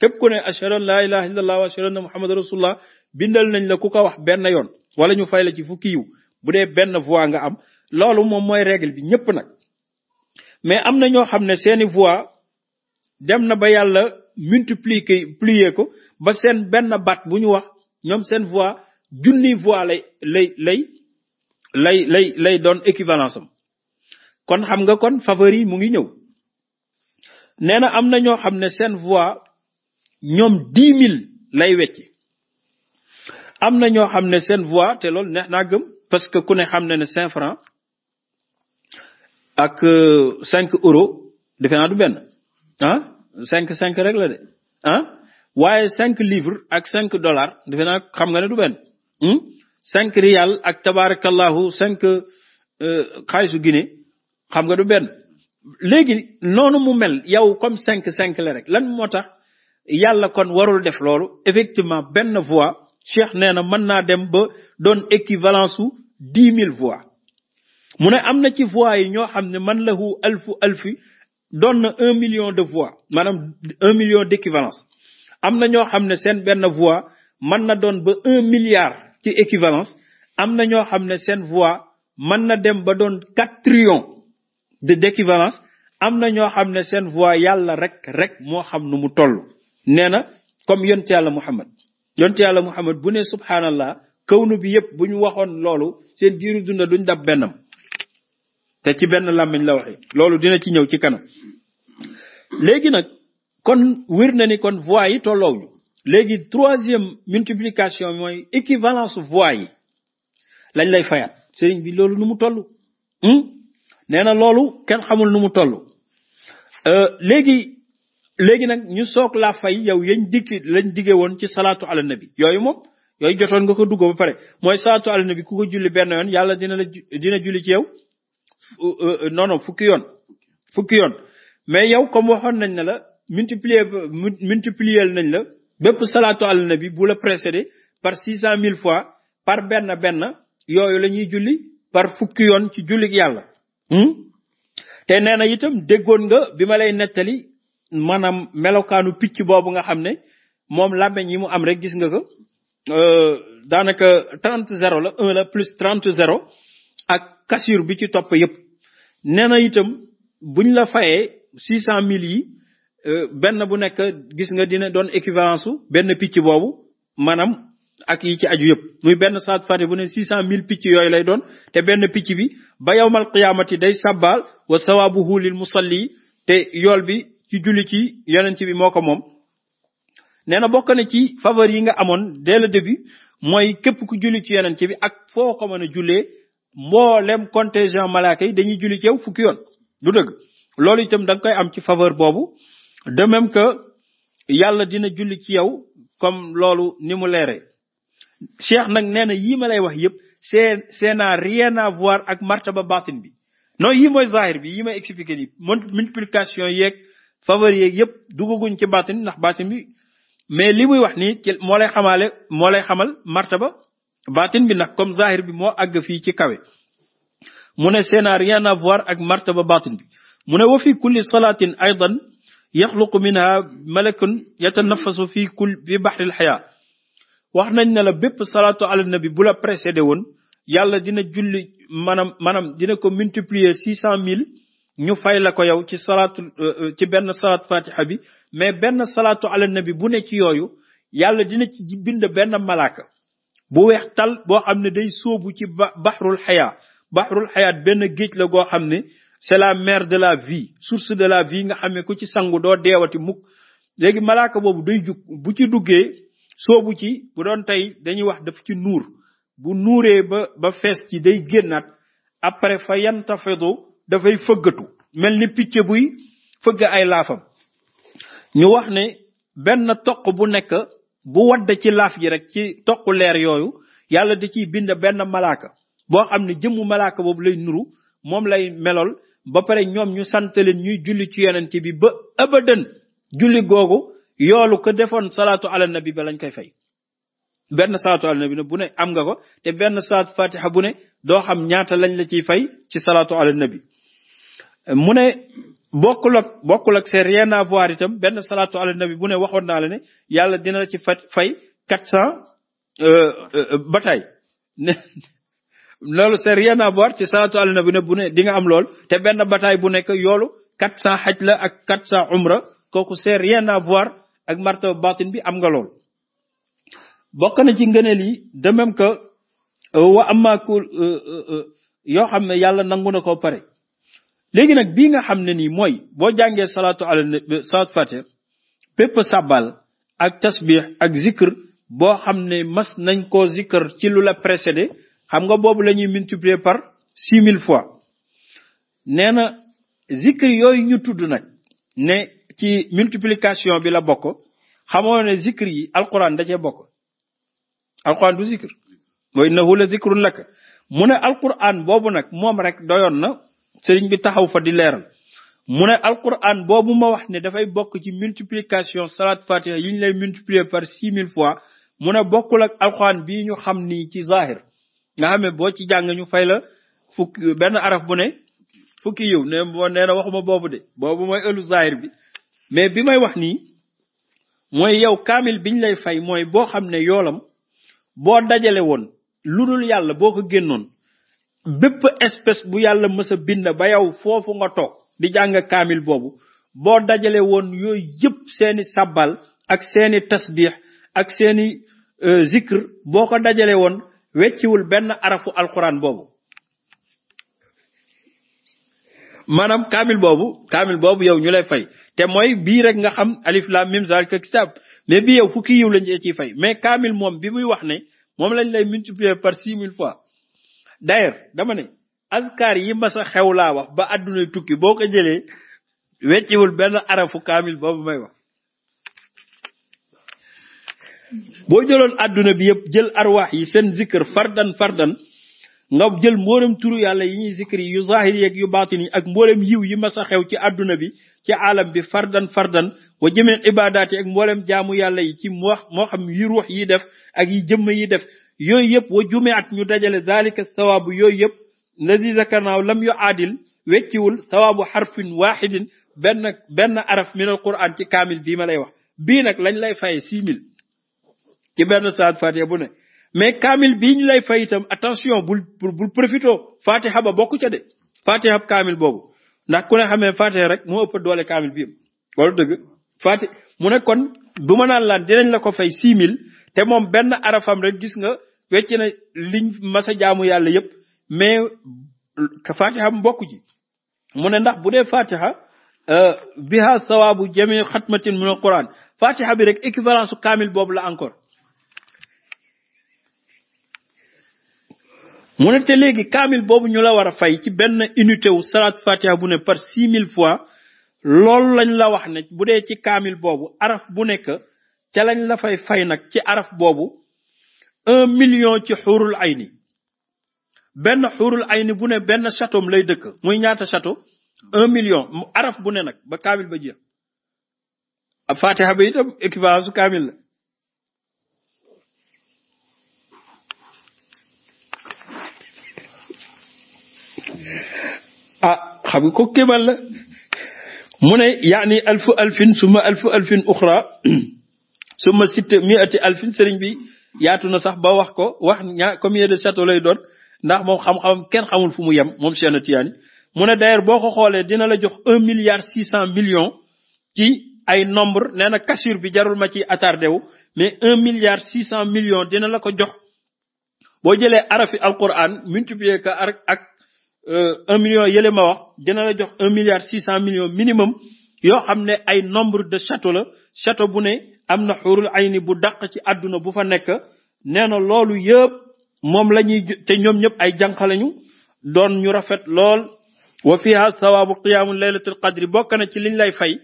képp ku ne ashhadu an laa ilaha illallah wa na anna muhammadan rasulullah bindal nañ la ku ko wax benn yoon wala ñu fay la ci fukki yiw bu dee benn voix nga am loolu moom mooy règle bi ñëpp nag mais am na ñoo xam ne seeni voix dem na ba yàlla multiplier plier ko ba seen benn baat bu ñu wax ñoom seen voix junni voix lay lay lay lay lay lay doon équivalence am kon xam nga kon favori mu ngi ñëw nee na am na ñoo xam ne seen voix ñoom dix mille lay weti am na ñoo xam ne seen voix te loolu neex naa gëm parce que ku ne xam na ne cinq francs ak euh, cinq euros defe naa benn ah, cinq cinq rek la de ah waaye cinq livres ak cinq dollars defe xam nga ne du benn hmm? cinq riyal ak tabarakallahu cinq euh, xaalisu Guinée xam nga du benn léegi noonu mu mel yow comme cinq cinq le rek lan moo tax yàlla kon warul def loolu effectivement benn voix cheikh nee na mën naa dem ba doon équivalence su dix mille voix mu ne am na ci voix yi ñoo xam ne man lahu alfu alfi doon na un million de voix maanaam un million d'équivalence am na ñoo xam ne seen benn voix mën na doon ba un milliard ci équivalence am na ñoo xam ne seen voix mën na dem ba doon quatre trillions de d'équivalence am na ñoo xam ne seen voix yàlla rek rek moo xam nu mu toll nee na comme yonent yàlla Muhammad yonte yàlla muhammad bu ne subhanallah kawnu bi yëpp bu ñu waxoon loolu seen giiru dunda duñ dab bennam te ci benn làmmiñ la waxe loolu dina ci ñëw ci kanam léegi nag kon wér na ni kon voix yi tolloo ñu léegi troisième multiplication mooy équivalence voix yi lañ lay fayat sëriñ bi loolu nu mu toll hmm? nee na loolu kenn xamul nu mu tollu euh, léegi léegi nag ñu soog laa fay yow yañ dikki lañ diggee woon ci salaatu ala bi yooyu moom yooyu jotoon nga ko dugg ba pare mooy salaatu ala bi ku ko julli benn yoon yàlla dina la dina julli ci yow euh, euh, non fukki yoon fukki yoon mais yow comme waxoon nañ ne la multiplier multiplier nañ la bépp salaatu ala bi bu la précédé par six cent mille fois par benn benn yooyu la ñuy julli par fukki yoon ci julli yàlla hmm? te nee na déggoon nga bi ma lay nettali maanaam melokaanu picc boobu nga xam ne moom làmmeñ yi mu am rek gis nga ko euh, daanaka trente zéro la un la plus trente zéro ak cassure bi ci topp yépp nee na itam buñ la fayee six cent mille yi euh, benn bu nekk gis nga dina doon équivalence su benn picc boobu maanaam ak yi ci aju yëpp muy benn saat fati bu ne six cent mille picc yooyu lay doon te benn picc bi ba yowmal qiyaamati day sàbbaal wa sawaabuhu lil musalli te yool bi ci julli ci yonent bi moo ko moom nee na bokk na ci faveur yi nga amoon dès le début mooy képp ku julli ci yonent bi ak foo ko mën a jullee mboolem contingent malaaka yi dañuy julli ci yow fukki yoon du dëgg loolu itam da koy am ci faveur boobu de même que yàlla dina julli ci yow comme loolu ni mu leere cheikh nag nee na yii ma lay wax yëpp c'est c'est n'a rien à voir ak martaba batin bi non yii mooy zahir bi yii may expliqué ni multiplication yeeg favori yeeg yëpp dugaguñ ci baatin ndax baatin bi mais li muy wax ni ci moo lay xamaale moo lay xamal martaba batin bi ndax comme zahir bi moo àgg fii ci kawe mu ne seen rien à voir ak martaba baatin bi mu ne wa fi kulli salatin aydan yaxluqu minha malakun yatanafasu fi kul bi baxril xayaa wax nañ ne la bépp salaatu ala nabi bu la précédé woon yàlla dina julli maanaam maanaam dina ko multiplier six cent milles ñu fay la ko yow ci salaatu euh, euh, ci benn salaatu fatiha bi mais benn salaatu ala bi bu ne ci yooyu yàlla dina ci bind benn malaaka bu weex tal boo xam ne day soobu ci baxrul xayaa baxrul xayaat benn géej la goo xam ne c'est la maire de la vie source de la vie nga xamee ku ci sangu doo deewati mukk léegi malaaka boobu day jug bu ci duggee soobu ci bu doon tey dañuy wax daf ci nuur bu nuuree ba ba fees ci day génnaat après fa yantafidu dafay fëggatu mel ni picc buy fëgg ay laafam ñu wax ne benn toq bu nekk bu wadd ci laaf ji rek ci toq leer yooyu yàlla da ciy bind benn malaaka boo xam ne jëmm malaaka boobu lay nuru moom lay melool ba pare ñoom ñu sant leen ñuy julli ci yonent bi ba abadan julli googu yoolu ko defoon salaatu ala nabi ba lañ koy fay benn salaatu ala nabi bu ne am nga ko te benn salaatu fatiha bu ne doo xam ñaata lañ la ciy fay ci salaatu ala mu ne bokkul ak bokkul ak c'est rien à voir itam benn salaatu ala bu ne waxoon naa la ne yàlla dina la ci fay fay quatre cent euh, euh, bataille loolu c'est rien à ci salaatu ala nabi ne bu ne di nga am lool te benn bataay bu nekk yoolu quatre cent xaj la ak quatre cent umra kooku c'est rien à voir ak martaba batin bi am nga lool bokk na ci ngëneel yi de même que euh, am amaaku yoo xam ne yàlla nangu na ko pare léegi nag bii nga xam ne nii mooy boo jàngee salaatu ala euh, salaatu fatih bépp sàbbal ak tasbix ak zikr boo xam ne mas nañ koo zikr ci lu la précédé xam nga boobu lañuy ñuy par six mille fois nee na zikr yooyu ñu tudd nag ne ci multiplication bi la bokk xamoo ne zikr yi alquran da cee bokk alquran du zikr wa innahu la zikrun laka mu ne alquran boobu nag moom rek doyoon na sëriñ bi taxaw fa di leeral mu ne alquran boobu ma wax ne dafay bokk ci multiplication salat fatiha yi ñu lay multiplier par six mille fois mu ne bokkul ak alquran bii ñu xam ni ci zahir nga xam ne boo ci jàng ñu fay la fukki benn araf bu ne fukki yow ne nee na waxuma boobu de boobu mooy ëllu zahir bi mais bi may wax nii mooy yow kaamil biñ lay fay mooy boo xam ne yoolam boo dajale woon lu dul yàlla boo ko génnoon bépp espèce bu yàlla mës a bind ba yow foofu nga toog di jàng kaamil boobu boo dajalee woon yooyu yëpp seeni sabbal ak seeni tasbix ak seeni euh, zikr boo ko dajale woon wecciwul benn arafu alquran boobu maanaam kaamil boobu kaamil boobu yow ñu lay fay te mooy bii rek nga xam alif lam mim zalika kitab mais bii yow fukki yiw lañ ciy fay mais kaamil moom bi muy wax ne moom lañ lay multiplier par six mille fois d'ailleurs dama ne askar yi masa xew laa wax ba àdduna tukki boo ko jëlee wecciwul benn arafu kaamil boobu may wax boo jëloon àdduna bi yëpp jël arwaax yi seen zikr fardan fardan nga jël mboolem turu yàlla yi ñuy zikr yi yu zahir yeeg yu baatin yi ak mbooleem yiw yi mas a xew ci àdduna bi ci alam bi fardan fardan wa jëmeen ibadaat yi ak mboolem jaamu yàlla yi ci moo moo xam yi ruux yi def ak yi jëmm yi def yooyu yëpp wa jume at ñu dajale zalika sawaabu yooyu yëpp lazi zakarnaaw lam yu aadil wecciwul sawaabu xarfin waaxidin benn benn araf min al ci kaamil bii ma lay wax bii nag lañ lay faye six mille ci benn saat fatiha bu ne mais kaamil bii ñu lay fay itam attention bul bul faati fatiha ba bokk ca de fatiha ab kaamil boobu ndax ku ne xamee fatiha rek moo ëpp doole kamil bii wala dëgg fatiha mu ne kon du ma naan laan dinañ la ko fay six mille te moom benn arafam rek gis nga wecc na liñ masa jaamu yàlla yépp mais fatiha mu bokk ci mu ne ndax bu dee bi euh, biha sawabu jami xatmatin min alquran fatiha bi rek équivalence kaamil boobu la encore mu ne te léegi kaamil boobu ñu la war a fay ci benn unité wu salaat fatiha bu ne par six mille fois loolu lañ la wax ne bu dee ci kaamil boobu araf bu nekk ca lañ la fay fay nag ci araf boobu un million ci xuurul ayni benn xuurul ayni bu ne benn lay dëkk muy ñaata château un million araf bu ne nag ba kaamil ba jeex ab fatiha ba itam équivalent su la ah xam nga ko kéemal la mu ne yaani alfu alfin suma alfu alfin uxra suma sitte miati alfin sëriñ bi yaatu na sax ba wax ko wax ña combien de château lay doon ndax moom xam-xam kenn xamul fu mu yem moom Cheikh Tidiane mu ne d'ailleurs boo ko xoolee dina la jox un milliard six cent millions ci ay nombre nee na kasur bi jarul ma ci attardé wu mais un milliard six cent millions dina la ko jox boo jëlee arafi alquran multiplier ko ak euh, un million yële ma wax dina la jox un milliard six cent millions minimum yoo xam ne ay nombre de château la château bu ne am na xurul ayni bu daq ci àdduna bu fa nekk nee na loolu yëpp moom la ñuy te ñoom ñëpp ay jànq lañu doon ñu rafet lool wa fiha sawaabu qiyaamu laylatul qadri bokk na ci liñ lay fay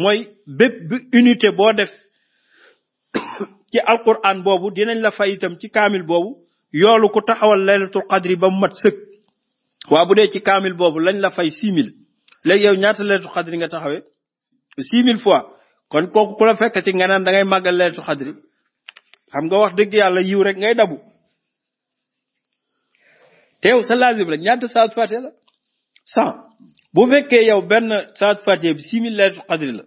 mooy bépp bi unité boo def ci alquran boobu dinañ la fay itam ci kaamil boobu yoolu ku taxawal laylatul qadri ba mu mat sëkk waa bu dee ci kaamil boobu lañ la fay six mille léegi yow ñaata laylatul qadri nga taxawee six mille fois kon kooku ku la fekk ci nga naan dangay ngay màggal leetu xadri xam nga wax dëgg yàlla yiw rek ngay dabu teew sa lazim la ñaata saat fatiha la cent bu fekkee yow benn saat fatiha bi six mille leetu xadri la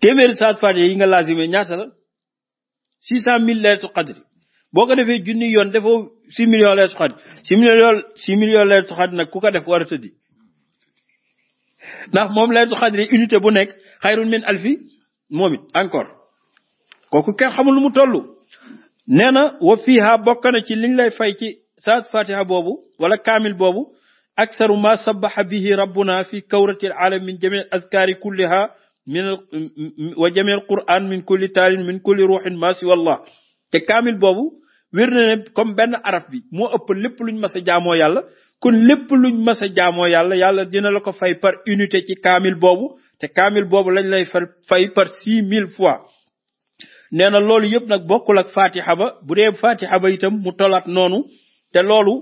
téeméeri saat fatiha yi nga lazime ñaata la six cent mille leetu boo ko defee junni yoon defoo six millions leetu xadri six millions six millions leetu ku ko def war a tëddi ndax moom leetu xadri unité bu nekk xayrun min alfi moom encore kooku kenn xamul lu mu toll nee na wa fiha bokk na ci liñ lay fay ci saat fatiha boobu wala kaamil boobu aksaru ma sabaxa bihi rabbuna fi kawrati alalam min jami azkaari kulliha min wa jami alquran min kulli taalin min kulli ruuxin ma siwa allah te kaamil boobu wér na ne comme benn araf bi moo ëpp lépp luñ mas a jaamoo yàlla kon lépp luñ mas a jaamoo yàlla yàlla dina la ko fay par unité ci kaamil boobu te kaamil boobu lañ lay fay par six mille fois nee na loolu yëpp nag bokkul ak fatiha ba bu dee fatiha ba itam mu tolaat noonu te loolu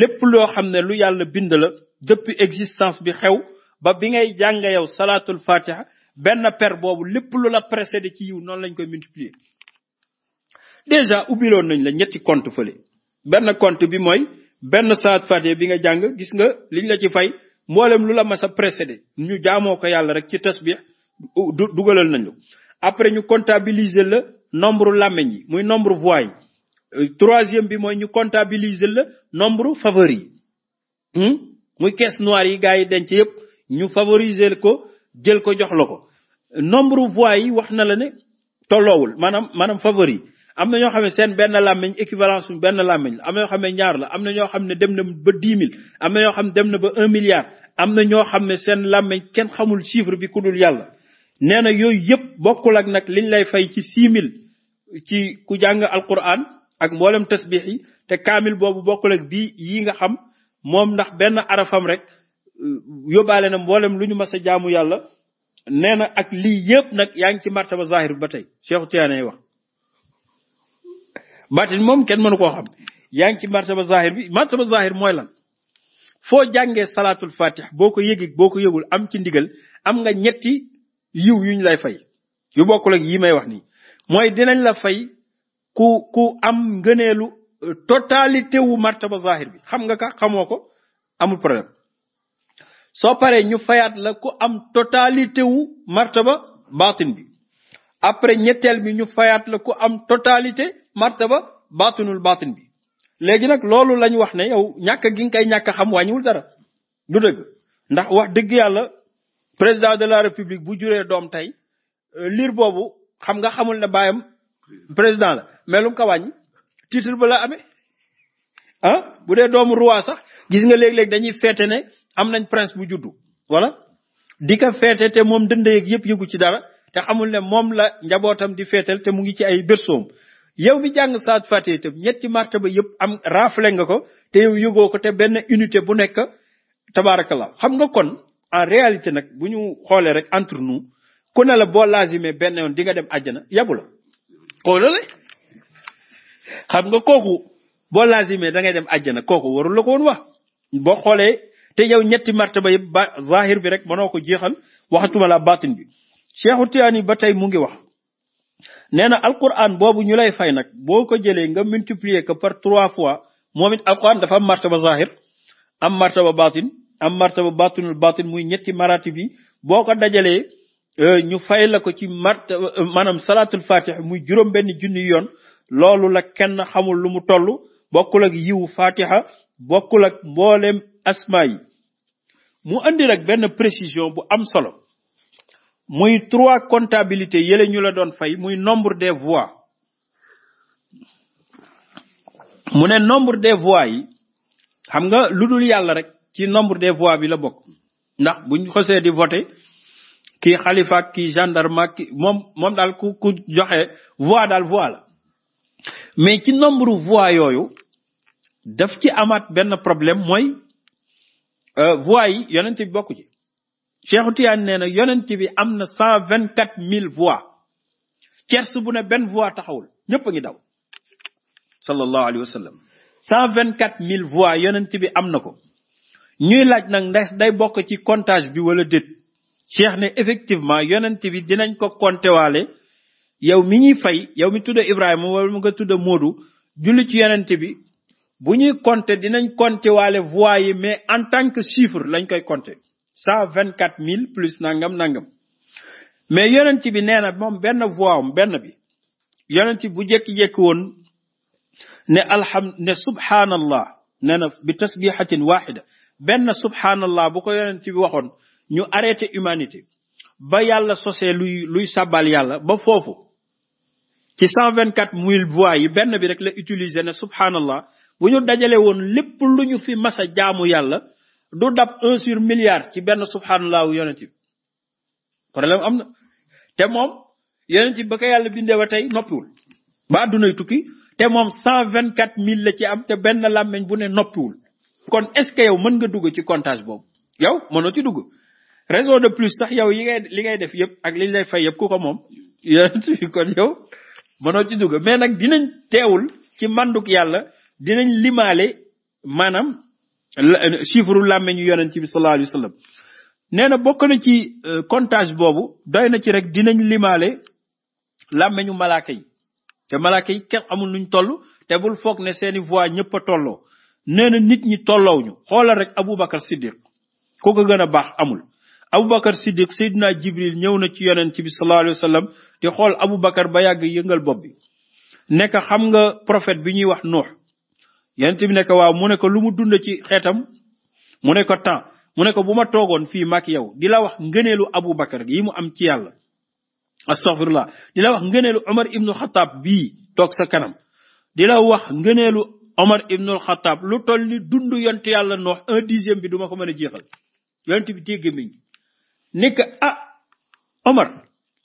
lépp loo xam ne lu yàlla bind la depuis existence bi xew ba bi ngay jàng yow salaatul fatiha benn per boobu lépp lu la précédé ci yiw noonu lañ koy multiplier déjà ubbiloon nañ la ñetti compte fële benn compte bi mooy benn saat fatiha bi nga jàng gis nga liñ la ci fay mboolem lu la mas a précédé ñu jaamoo ko yàlla rek ci tasbix dugalal nañu après ñu comptabiliser la nombre làmmiñ yi muy nombre voix yi euh, troisième bi mooy ñu comptabiliser la nombre favori yi hmm? muy caisse noire yi gars yi denc yépp ñu favoriser ko jël ko jox la ko nombre voix yi wax na la ne tolloowul maanaam maanaam favori am na ñoo xam ne seen benn làmmiñ équivalence bu benn làmmiñ am na ñoo xam ne ñaar la am na ñoo xam ne dem na ba dix mille am na ñoo xam ne dem na ba un milliard am na ñoo xam ne seen làmmiñ kenn xamul chiffre bi ku dul yàlla nee na yooyu yëpp bokkul ak nag liñ lay fay ci six mille ci ku jàng alquran ak mboolem tasbix yi te kaamil boobu bokkul ak bii yi nga xam moom ndax benn arafam rek euh, yóbbaale na mboolem lu ñu mas a jaamu yàlla nee na ak lii yëpp nag yaa ngi ci martaba zahir bi ba tey Cheikh Tidiane wax batin moom kenn mënu koo xam yaa ngi ci martaba zahir bi martaba zahir mooy lan foo jàngee salaatul fatih boo ko yëgee boo ko yëgul am ci ndigal am nga ñetti yiw yuñ lay fay yu bokkul ak yi may wax nii mooy dinañ la fay ku ku am ngëneelu euh, totalité wu martaba zahir bi xam nga ka xamoo ko amul problème soo paree ñu fayaat la ku am totalité wu martaba batin bi après ñetteel bi ñu fayaat la ku am totalité martaba baatinul baatin bi léegi nag loolu lañ wax ne yow ñàkk gi nga koy ñàkk xam wàññiwul dara du dëgg ndax wax dëgg yàlla président de la république bu juree doom tey euh, liir boobu xam nga xamul ne baayam président la mais lu mu ko wàññi ba la amee ah bu dee doomu roi sax gis nga léeg-léeg dañuy feete ne am nañ prince bu juddu wala di ko feete te moom dënd yeeg yëpp yëgu ci dara te xamul ne moom la njabootam di feetal te mu ngi ci ay bersoom yow mi jàng saat fatiha itam ñetti ba yëpp am raafale nga ko te yow yëgoo ko te benn unité bu nekk tabaarakallah xam nga kon en réalité nag bu ñu xoolee rek entre nous ku ne la boo lazimee benn yoon di nga dem àjjana yabu la kooku la xam nga kooku boo lazimee da ngay dem àjjana kooku warul la ko woon wax boo xoolee te yow ñetti martaba yëpp ba zahir bi rek mënoo ko jeexal waxatuma la batin bi Cheikhu Tiyaani ba tey mu ngi wax nee na alquran boobu ñu lay fay nag boo ko jëlee nga multiplier ko par trois fois moom it alquran dafa am martaba zahir am martaba batin am martaba batinul batin muy ñetti maratib bi boo ko dajalee euh, ñu fay la ko ci mart euh, maanaam salatul fatih muy juróom benn junni yoon loolu la kenn xamul lu mu toll bokkul ak yiwu fatiha bokkul ak mbooleem asma yi mu indi rek benn précision bu am solo muy trois comptabilité yële ñu la doon fay muy nombre des voix mu ne nombre des voix yi xam nga lu dul yàlla rek ci nombre des voix bi la bokk ndax buñ xosee di voté ki xalifa ki kii gendarme ak daal ku ku joxe voix daal voix la mais ci nombre voix yooyu def ci amaat benn problème mooy euh, voix yi yonent bi bokku ci Cheikhu Tijaan nee na yonent bi am na cent vingt quatre mille voix cers bu ne benn voix taxawul ñëpp a ngi daw sallallahu alayhi wa sallam cent vingt quatre mille voix yonent bi am na ko ñuy laaj nag ndax day bokk ci comptage bi wala déet Cheikh ne effectivement yonent bi dinañ ko compté waale yow mi ñuy fay yow mi tudd Ibrahima wala mu nga tudd Moodu julli ci yonent bi bu ñuy compté dinañ compté wale voix yi mais en tant que chiffre lañ koy compté cent vingt quatre mille plus nangam nangam mais yonent bi nee moom benn voix am benn bi yonent bu jékki-jékki woon ne alham ne subhanallah nee na bi tasbihatin wahida benn subhanallah bu ko yonent bi waxoon ñu arrêté humanité ba yàlla sosee luy luy sàbbal yàlla ba foofu ci cent vingt quatre mille voix yi benn bi rek la utiliser ne subhanallah bu ñu dajale woon lépp lu ñu fi masa jaamu yàlla du dab un sur milliard ci benn subhanallahu yonent bi problème am na te moom yonent bi ba ko yàlla bindee ba tey noppiwul ba àddunay tukki te moom cent vingt quatre mille la ci am te benn làmmiñ bu ne noppiwul kon est ce que yow mën nga dugg ci comptage boobu yow mënoo ci dugg raison de plus sax yow yi ngay li ngay def yëpp ak li lay fay yëpp ku ko moom yonent bi kon yow mënoo ci dugg mais nag dinañ teewul ci manduk yàlla dinañ limaale maanaam Euh, chiffre làmmeñu yonent bi sallallahu alayhi wa sallam nee na bokk na ci euh, comptage boobu doy na ci rek dinañ limaale làmmeñu malaaka yi te malaaka yi kenn amul nuñ toll te bul foog ne seeni voix ñëpp a tolloo nee na nit ñi tolloo ñu xoolal rek Aboubacar Siddiq ku ko gën a baax amul Aboubacar Siddiq Seydina Jibril ñëw na ci ci bi sallallahu alayhi wa sallam di xool Aboubacar ba yàgg yëngal bopp bi nekk xam nga prophète bi ñuy wax Nuux yonent bi ne waaw mu ne ko lu mu dund ci xeetam mu ne ko temps mu ne ko bu ma toogoon fii mag yow di la wax ngëneelu Abu Bakar yi mu am ci yàlla astaghfirullah di la wax ngëneelu Omar ibnu Xataab bii toog sa kanam di la wax ngëneelu Omar ibnu Xataab lu tol ni dund yonent yàlla noox un dixième bi duma ko mën a jeexal yonent bi tégg miñ ni ko ah Omar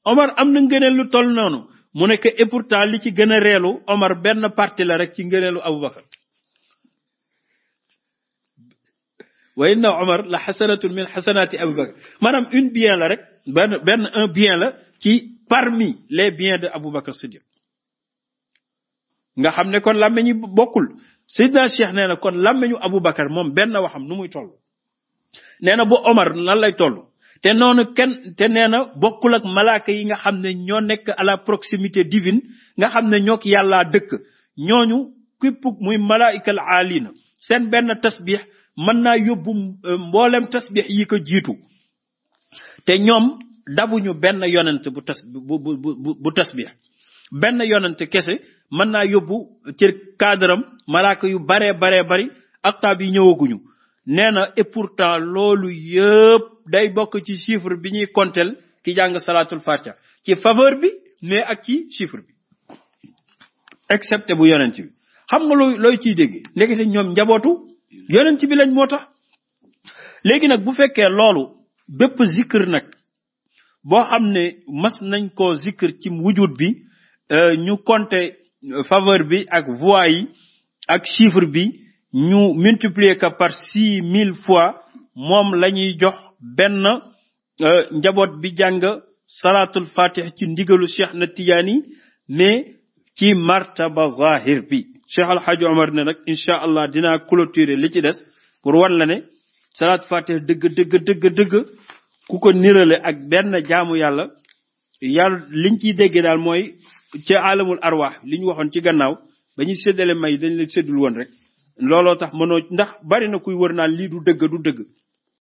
Omar am na ngëneel lu toll noonu mu nekk ko et li ci gën a reelu Omar benn parti la rek ci ngëneelu Abu wa inna omar la xasanatun min xasanati abou bakar maanaam une bien la rek benn benn un bien la ci parmi les bien de abou bakar nga xam ne kon làmmeñu bokkul Seydina Cheikh nee na kon làmmeñu abou bakar moom benn waxam nu muy toll nee na bu omar lan lay toll te noonu kenn te na bokkul ak malaaka yi nga xam ne ñoo nekk à la proximité divine nga xam ne ñoo ki yàllaa dëkk ñooñu képp muy malaayikal aalina seen benn tasbix mën naa yóbbu euh, mboolem tasbix yi ko jiitu te ñoom dabuñu benn yonent bu tas benn yonent kese mën naa yóbbu ci cadram malaaka yu baree baree bari aktaab yi ñëwaguñu nee na et pourtant loolu yëpp day bokk ci chiffre bi ñuy konteel ki jàng salaatul fatiha ci faveur bi mais ak ci chiffre bi excepté bu yonent bi xam nga looy looy ciy dégg ndekete ñoom njabootu yonent bi lañ moo tax léegi nag bu fekkee loolu bépp zikr nag boo xam ne mas nañ ko zikr ci wujud bi euh, ñu konté faveur bi ak voix yi ak chiffre bi ñu multiplier ko par six mille fois moom la ñuy jox benn euh, njaboot bi jàng salaatul fatih ci ndigalu cheikh na tijaani mais ci martaba zahir bi Cheikh Al Hadj Omar ne nag incha allah dinaa clôturer li ci des pour wan la ne salaat fatih dëgg dëgg dëgg dëgg ku ko nirale ak benn jaamu yàlla yàlla liñ ciy déggee daal mooy ci alamul arwaax li ñu waxoon ci gannaaw ba ñuy séddale may dañ leen séddul woon rek. looloo tax mënoo ndax bari na kuy wër naan lii du dëgg du dëgg